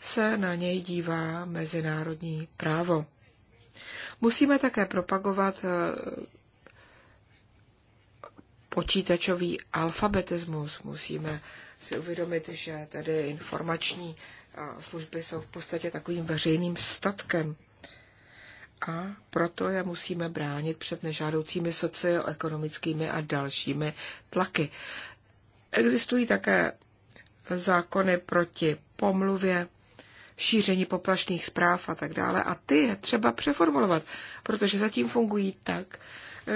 se na něj dívá mezinárodní právo. Musíme také propagovat eh, počítačový alfabetismus. Musíme si uvědomit, že tady informační služby jsou v podstatě takovým veřejným statkem. A proto je musíme bránit před nežádoucími socioekonomickými a dalšími tlaky. Existují také zákony proti pomluvě, šíření poplašných zpráv a tak dále. A ty je třeba přeformulovat, protože zatím fungují tak,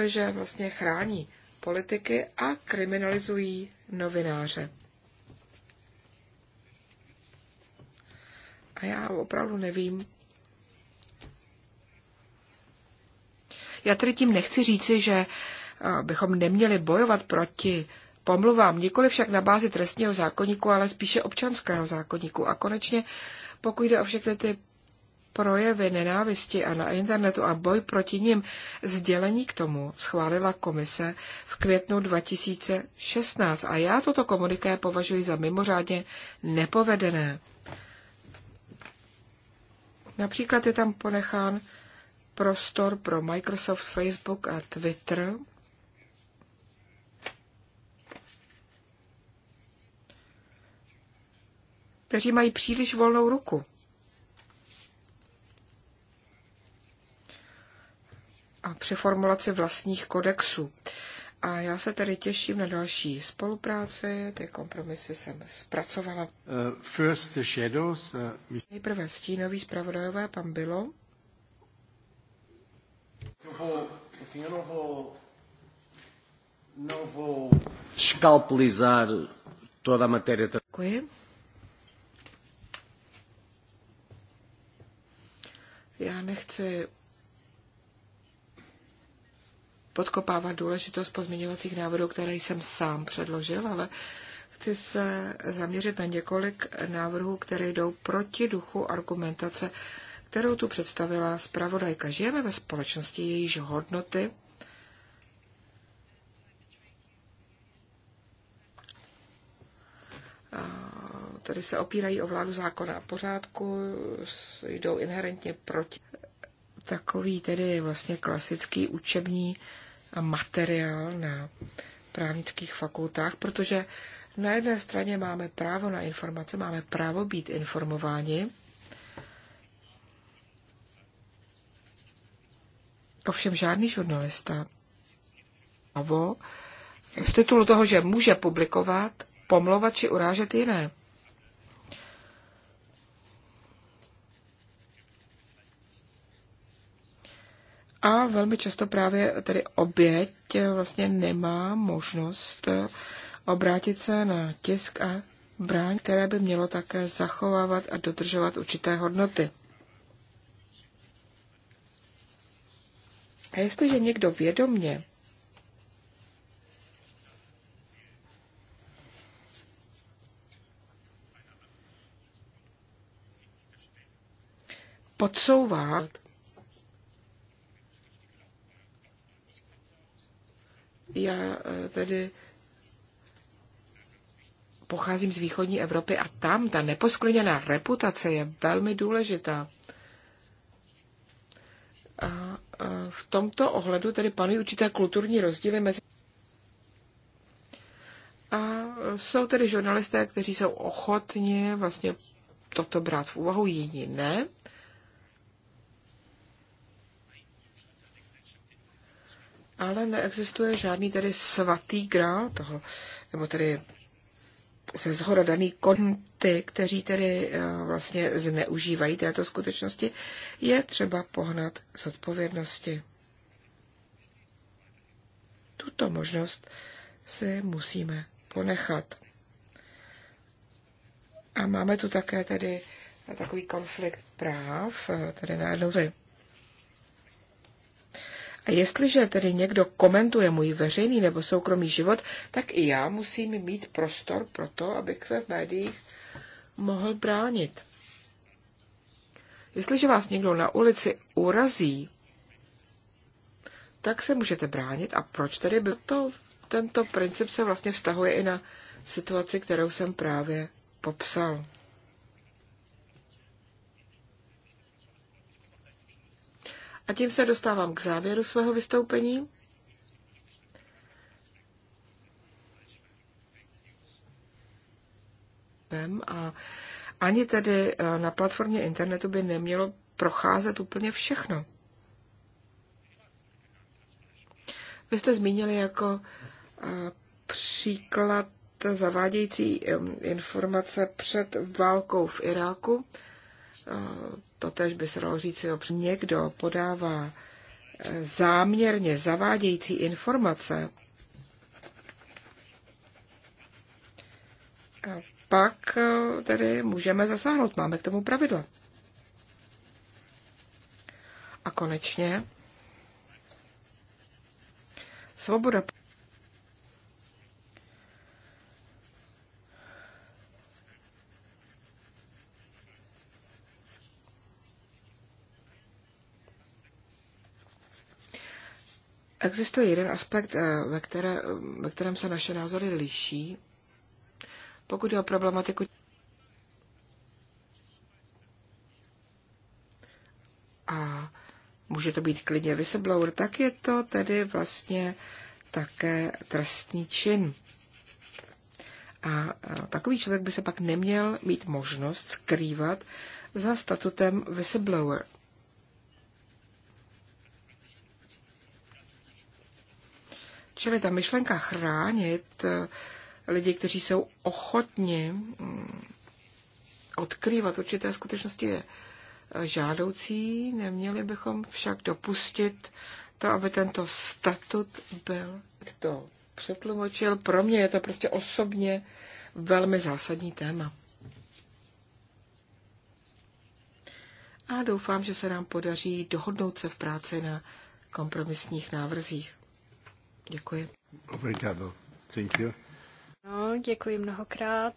že vlastně chrání politiky a kriminalizují novináře. A já opravdu nevím. Já tedy tím nechci říci, že bychom neměli bojovat proti pomluvám, nikoli však na bázi trestního zákonníku, ale spíše občanského zákonníku. A konečně, pokud jde o všechny ty projevy nenávisti a na internetu a boj proti nim sdělení k tomu schválila komise v květnu 2016 a já toto komuniké považuji za mimořádně nepovedené. Například je tam ponechán prostor pro Microsoft, Facebook a Twitter, kteří mají příliš volnou ruku a při formulaci vlastních kodexů. A já se tedy těším na další spolupráci, ty kompromisy jsem zpracovala. Uh, first the shadows, uh, my... Nejprve stínový zpravodajové, pan Bilo. Děkuji. Já nechci podkopávat důležitost pozměňovacích návrhů, které jsem sám předložil, ale chci se zaměřit na několik návrhů, které jdou proti duchu argumentace, kterou tu představila zpravodajka. Žijeme ve společnosti, jejíž hodnoty Tady se opírají o vládu zákona a pořádku, jdou inherentně proti takový tedy vlastně klasický učební materiál na právnických fakultách, protože na jedné straně máme právo na informace, máme právo být informováni. Ovšem žádný žurnalista z titulu toho, že může publikovat, pomlouvat či urážet jiné. A velmi často právě tedy oběť eh, vlastně nemá možnost eh, obrátit se na tisk a bráň, které by mělo také zachovávat a dodržovat určité hodnoty. A jestliže někdo vědomně podsouvá Já eh, tedy pocházím z východní Evropy a tam ta neposkleněná reputace je velmi důležitá. A eh, v tomto ohledu tedy panují určité kulturní rozdíly mezi. A jsou tedy žurnalisté, kteří jsou ochotni vlastně toto brát v úvahu, jiní ne. ale neexistuje žádný tedy svatý grál toho, nebo tedy se zhora daný konty, kteří tedy eh, vlastně zneužívají této skutečnosti, je třeba pohnat z odpovědnosti. Tuto možnost si musíme ponechat. A máme tu také tedy takový konflikt práv, eh, tedy najednou a jestliže tedy někdo komentuje můj veřejný nebo soukromý život, tak i já musím mít prostor pro to, abych se v médiích mohl bránit. Jestliže vás někdo na ulici urazí, tak se můžete bránit. A proč tedy by to, tento princip se vlastně vztahuje i na situaci, kterou jsem právě popsal. A tím se dostávám k závěru svého vystoupení. A ani tedy eh, na platformě internetu by nemělo procházet úplně všechno. Vy jste zmínili jako eh, příklad zavádějící eh, informace před válkou v Iráku to tež by se dalo že někdo podává eh, záměrně zavádějící informace, pak eh, tedy můžeme zasáhnout. Máme k tomu pravidla. A konečně svoboda Existuje jeden aspekt, eh, ve, které, ve kterém se naše názory liší. Pokud je o problematiku a může to být klidně whistleblower, tak je to tedy vlastně také trestný čin. A eh, takový člověk by se pak neměl mít možnost skrývat za statutem whistleblower. Čili ta myšlenka chránit eh, lidi, kteří jsou ochotni mm, odkrývat určité skutečnosti, je eh, žádoucí. Neměli bychom však dopustit to, aby tento statut byl to přetlumočil. Pro mě je to prostě osobně velmi zásadní téma. A doufám, že se nám podaří dohodnout se v práci na kompromisních návrzích. Děkuji. Obrigado. Thank you. No, děkuji mnohokrát.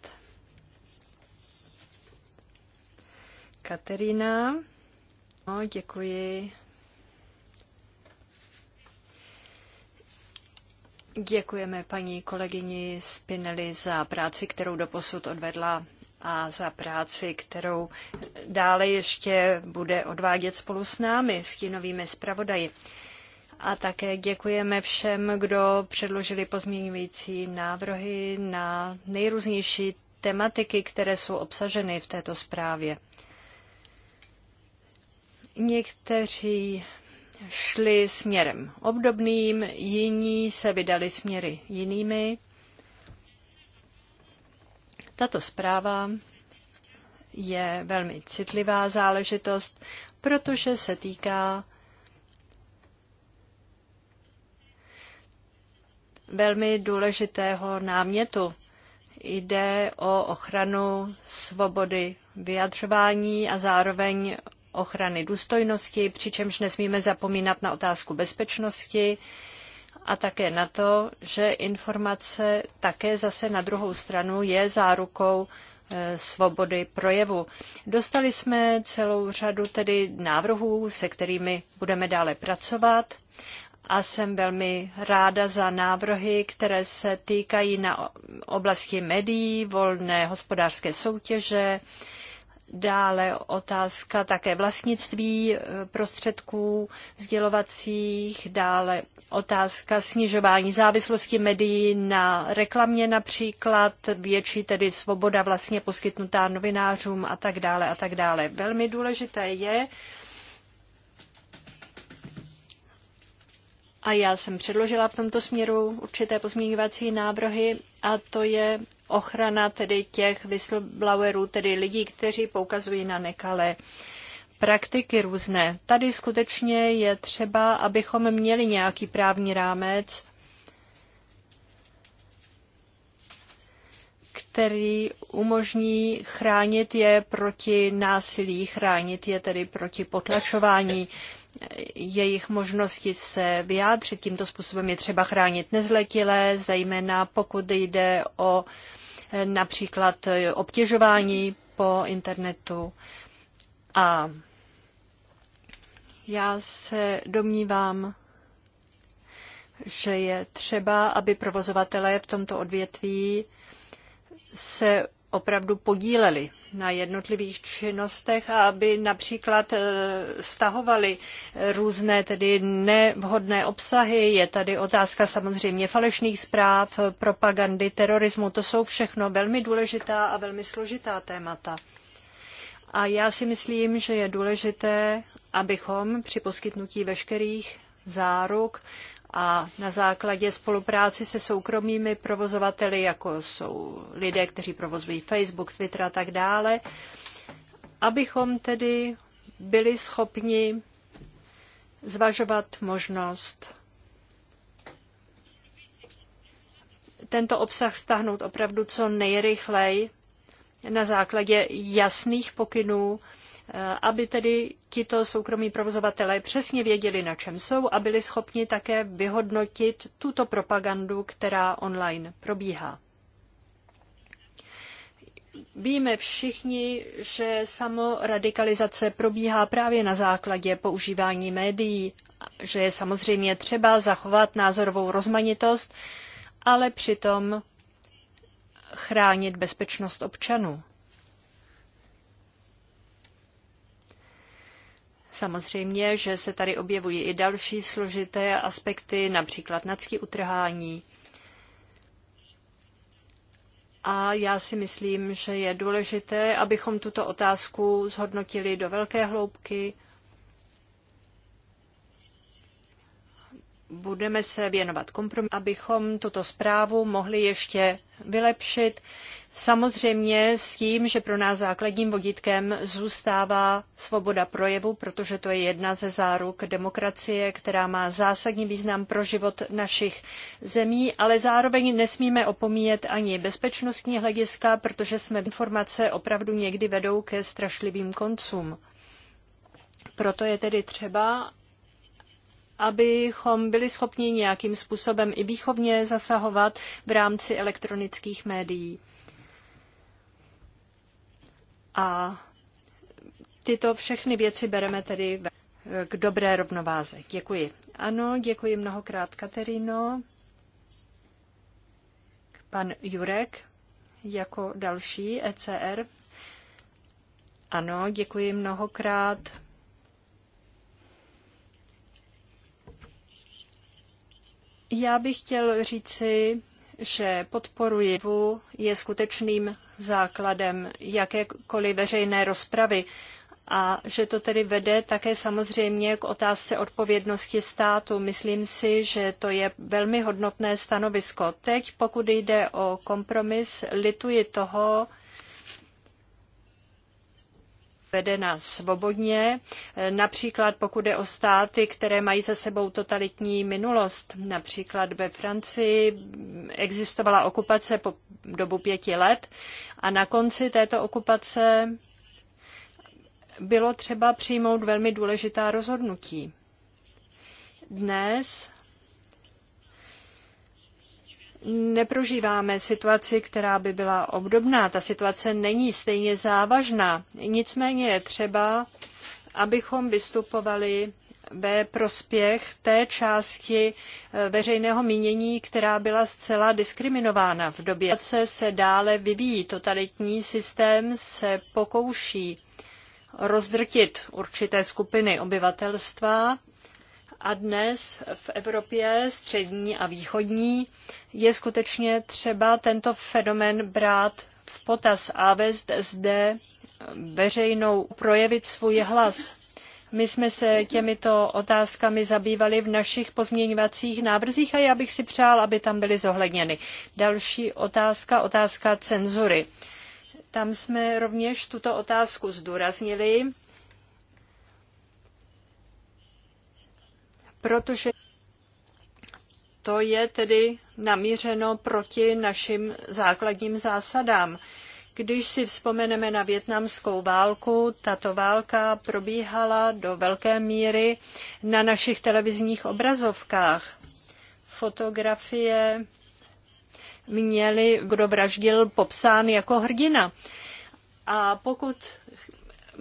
Katerina. No, děkuji. Děkujeme paní kolegyni Spinelli za práci, kterou doposud odvedla a za práci, kterou dále ještě bude odvádět spolu s námi, s tím novými zpravodaji. A také děkujeme všem, kdo předložili pozměňující návrhy na nejrůznější tematiky, které jsou obsaženy v této zprávě. Někteří šli směrem obdobným, jiní se vydali směry jinými. Tato zpráva je velmi citlivá záležitost, protože se týká velmi důležitého námětu. Jde o ochranu svobody vyjadřování a zároveň ochrany důstojnosti, přičemž nesmíme zapomínat na otázku bezpečnosti a také na to, že informace také zase na druhou stranu je zárukou e, svobody projevu. Dostali jsme celou řadu tedy návrhů, se kterými budeme dále pracovat a jsem velmi ráda za návrhy, které se týkají na oblasti médií, volné hospodářské soutěže, dále otázka také vlastnictví eh, prostředků sdělovacích, dále otázka snižování závislosti médií na reklamě například, větší tedy svoboda vlastně poskytnutá novinářům a tak dále a tak dále. Velmi důležité je, a já jsem předložila v tomto směru určité pozměňovací návrhy a to je ochrana tedy těch whistleblowerů, tedy lidí, kteří poukazují na nekalé praktiky různé. Tady skutečně je třeba, abychom měli nějaký právní rámec, který umožní chránit je proti násilí, chránit je tedy proti potlačování jejich možnosti se vyjádřit tímto způsobem je třeba chránit nezletilé, zejména pokud jde o eh, například eh, obtěžování po internetu. A já se domnívám, že je třeba, aby provozovatelé v tomto odvětví se opravdu podíleli na jednotlivých činnostech a aby například eh, stahovali eh, různé tedy nevhodné obsahy. Je tady otázka samozřejmě falešných zpráv, propagandy, terorismu. To jsou všechno velmi důležitá a velmi složitá témata. A já si myslím, že je důležité, abychom při poskytnutí veškerých záruk a na základě spolupráci se soukromými provozovateli, jako jsou lidé, kteří provozují Facebook, Twitter a tak dále, abychom tedy byli schopni zvažovat možnost tento obsah stáhnout opravdu co nejrychleji na základě jasných pokynů, Eh, aby tedy tito soukromí provozovatelé přesně věděli, na čem jsou a byli schopni také vyhodnotit tuto propagandu, která online probíhá. Víme všichni, že samoradikalizace probíhá právě na základě používání médií, že je samozřejmě třeba zachovat názorovou rozmanitost, ale přitom chránit bezpečnost občanů. Samozřejmě, že se tady objevují i další složité aspekty, například nadský utrhání. A já si myslím, že je důležité, abychom tuto otázku zhodnotili do velké hloubky. Budeme se věnovat kompromisu, abychom tuto zprávu mohli ještě vylepšit. Samozřejmě s tím, že pro nás základním vodítkem zůstává svoboda projevu, protože to je jedna ze záruk demokracie, která má zásadní význam pro život našich zemí, ale zároveň nesmíme opomíjet ani bezpečnostní hlediska, protože jsme informace opravdu někdy vedou ke strašlivým koncům. Proto je tedy třeba, abychom byli schopni nějakým způsobem i výchovně zasahovat v rámci elektronických médií. A tyto všechny věci bereme tedy k dobré rovnováze. Děkuji. Ano, děkuji mnohokrát, Kateríno. Pan Jurek jako další ECR. Ano, děkuji mnohokrát. Já bych chtěl říci, že podporuji je skutečným základem jakékoliv veřejné rozpravy a že to tedy vede také samozřejmě k otázce odpovědnosti státu. Myslím si, že to je velmi hodnotné stanovisko. Teď, pokud jde o kompromis, lituji toho, vedena svobodně. Například pokud je o státy, které mají za sebou totalitní minulost, například ve Francii existovala okupace po dobu pěti let a na konci této okupace bylo třeba přijmout velmi důležitá rozhodnutí. Dnes neprožíváme situaci, která by byla obdobná. Ta situace není stejně závažná. Nicméně je třeba, abychom vystupovali ve prospěch té části eh, veřejného mínění, která byla zcela diskriminována v době. Se dále vyvíjí. Totalitní systém se pokouší rozdrtit určité skupiny obyvatelstva a dnes v Evropě střední a východní je skutečně třeba tento fenomén brát v potaz a vést zde veřejnou, projevit svůj hlas. My jsme se těmito otázkami zabývali v našich pozměňovacích návrzích a já bych si přál, aby tam byly zohledněny. Další otázka, otázka cenzury. Tam jsme rovněž tuto otázku zdůraznili protože to je tedy namířeno proti našim základním zásadám. Když si vzpomeneme na větnamskou válku, tato válka probíhala do velké míry na našich televizních obrazovkách. Fotografie měly, kdo vraždil, popsán jako hrdina. A pokud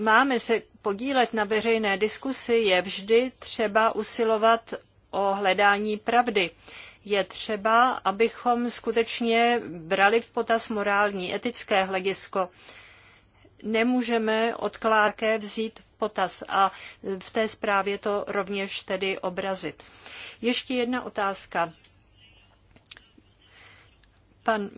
máme se podílet na veřejné diskusi, je vždy třeba usilovat o hledání pravdy. Je třeba, abychom skutečně brali v potaz morální, etické hledisko. Nemůžeme odklárké vzít potaz a v té zprávě to rovněž tedy obrazit. Ještě jedna otázka. Pan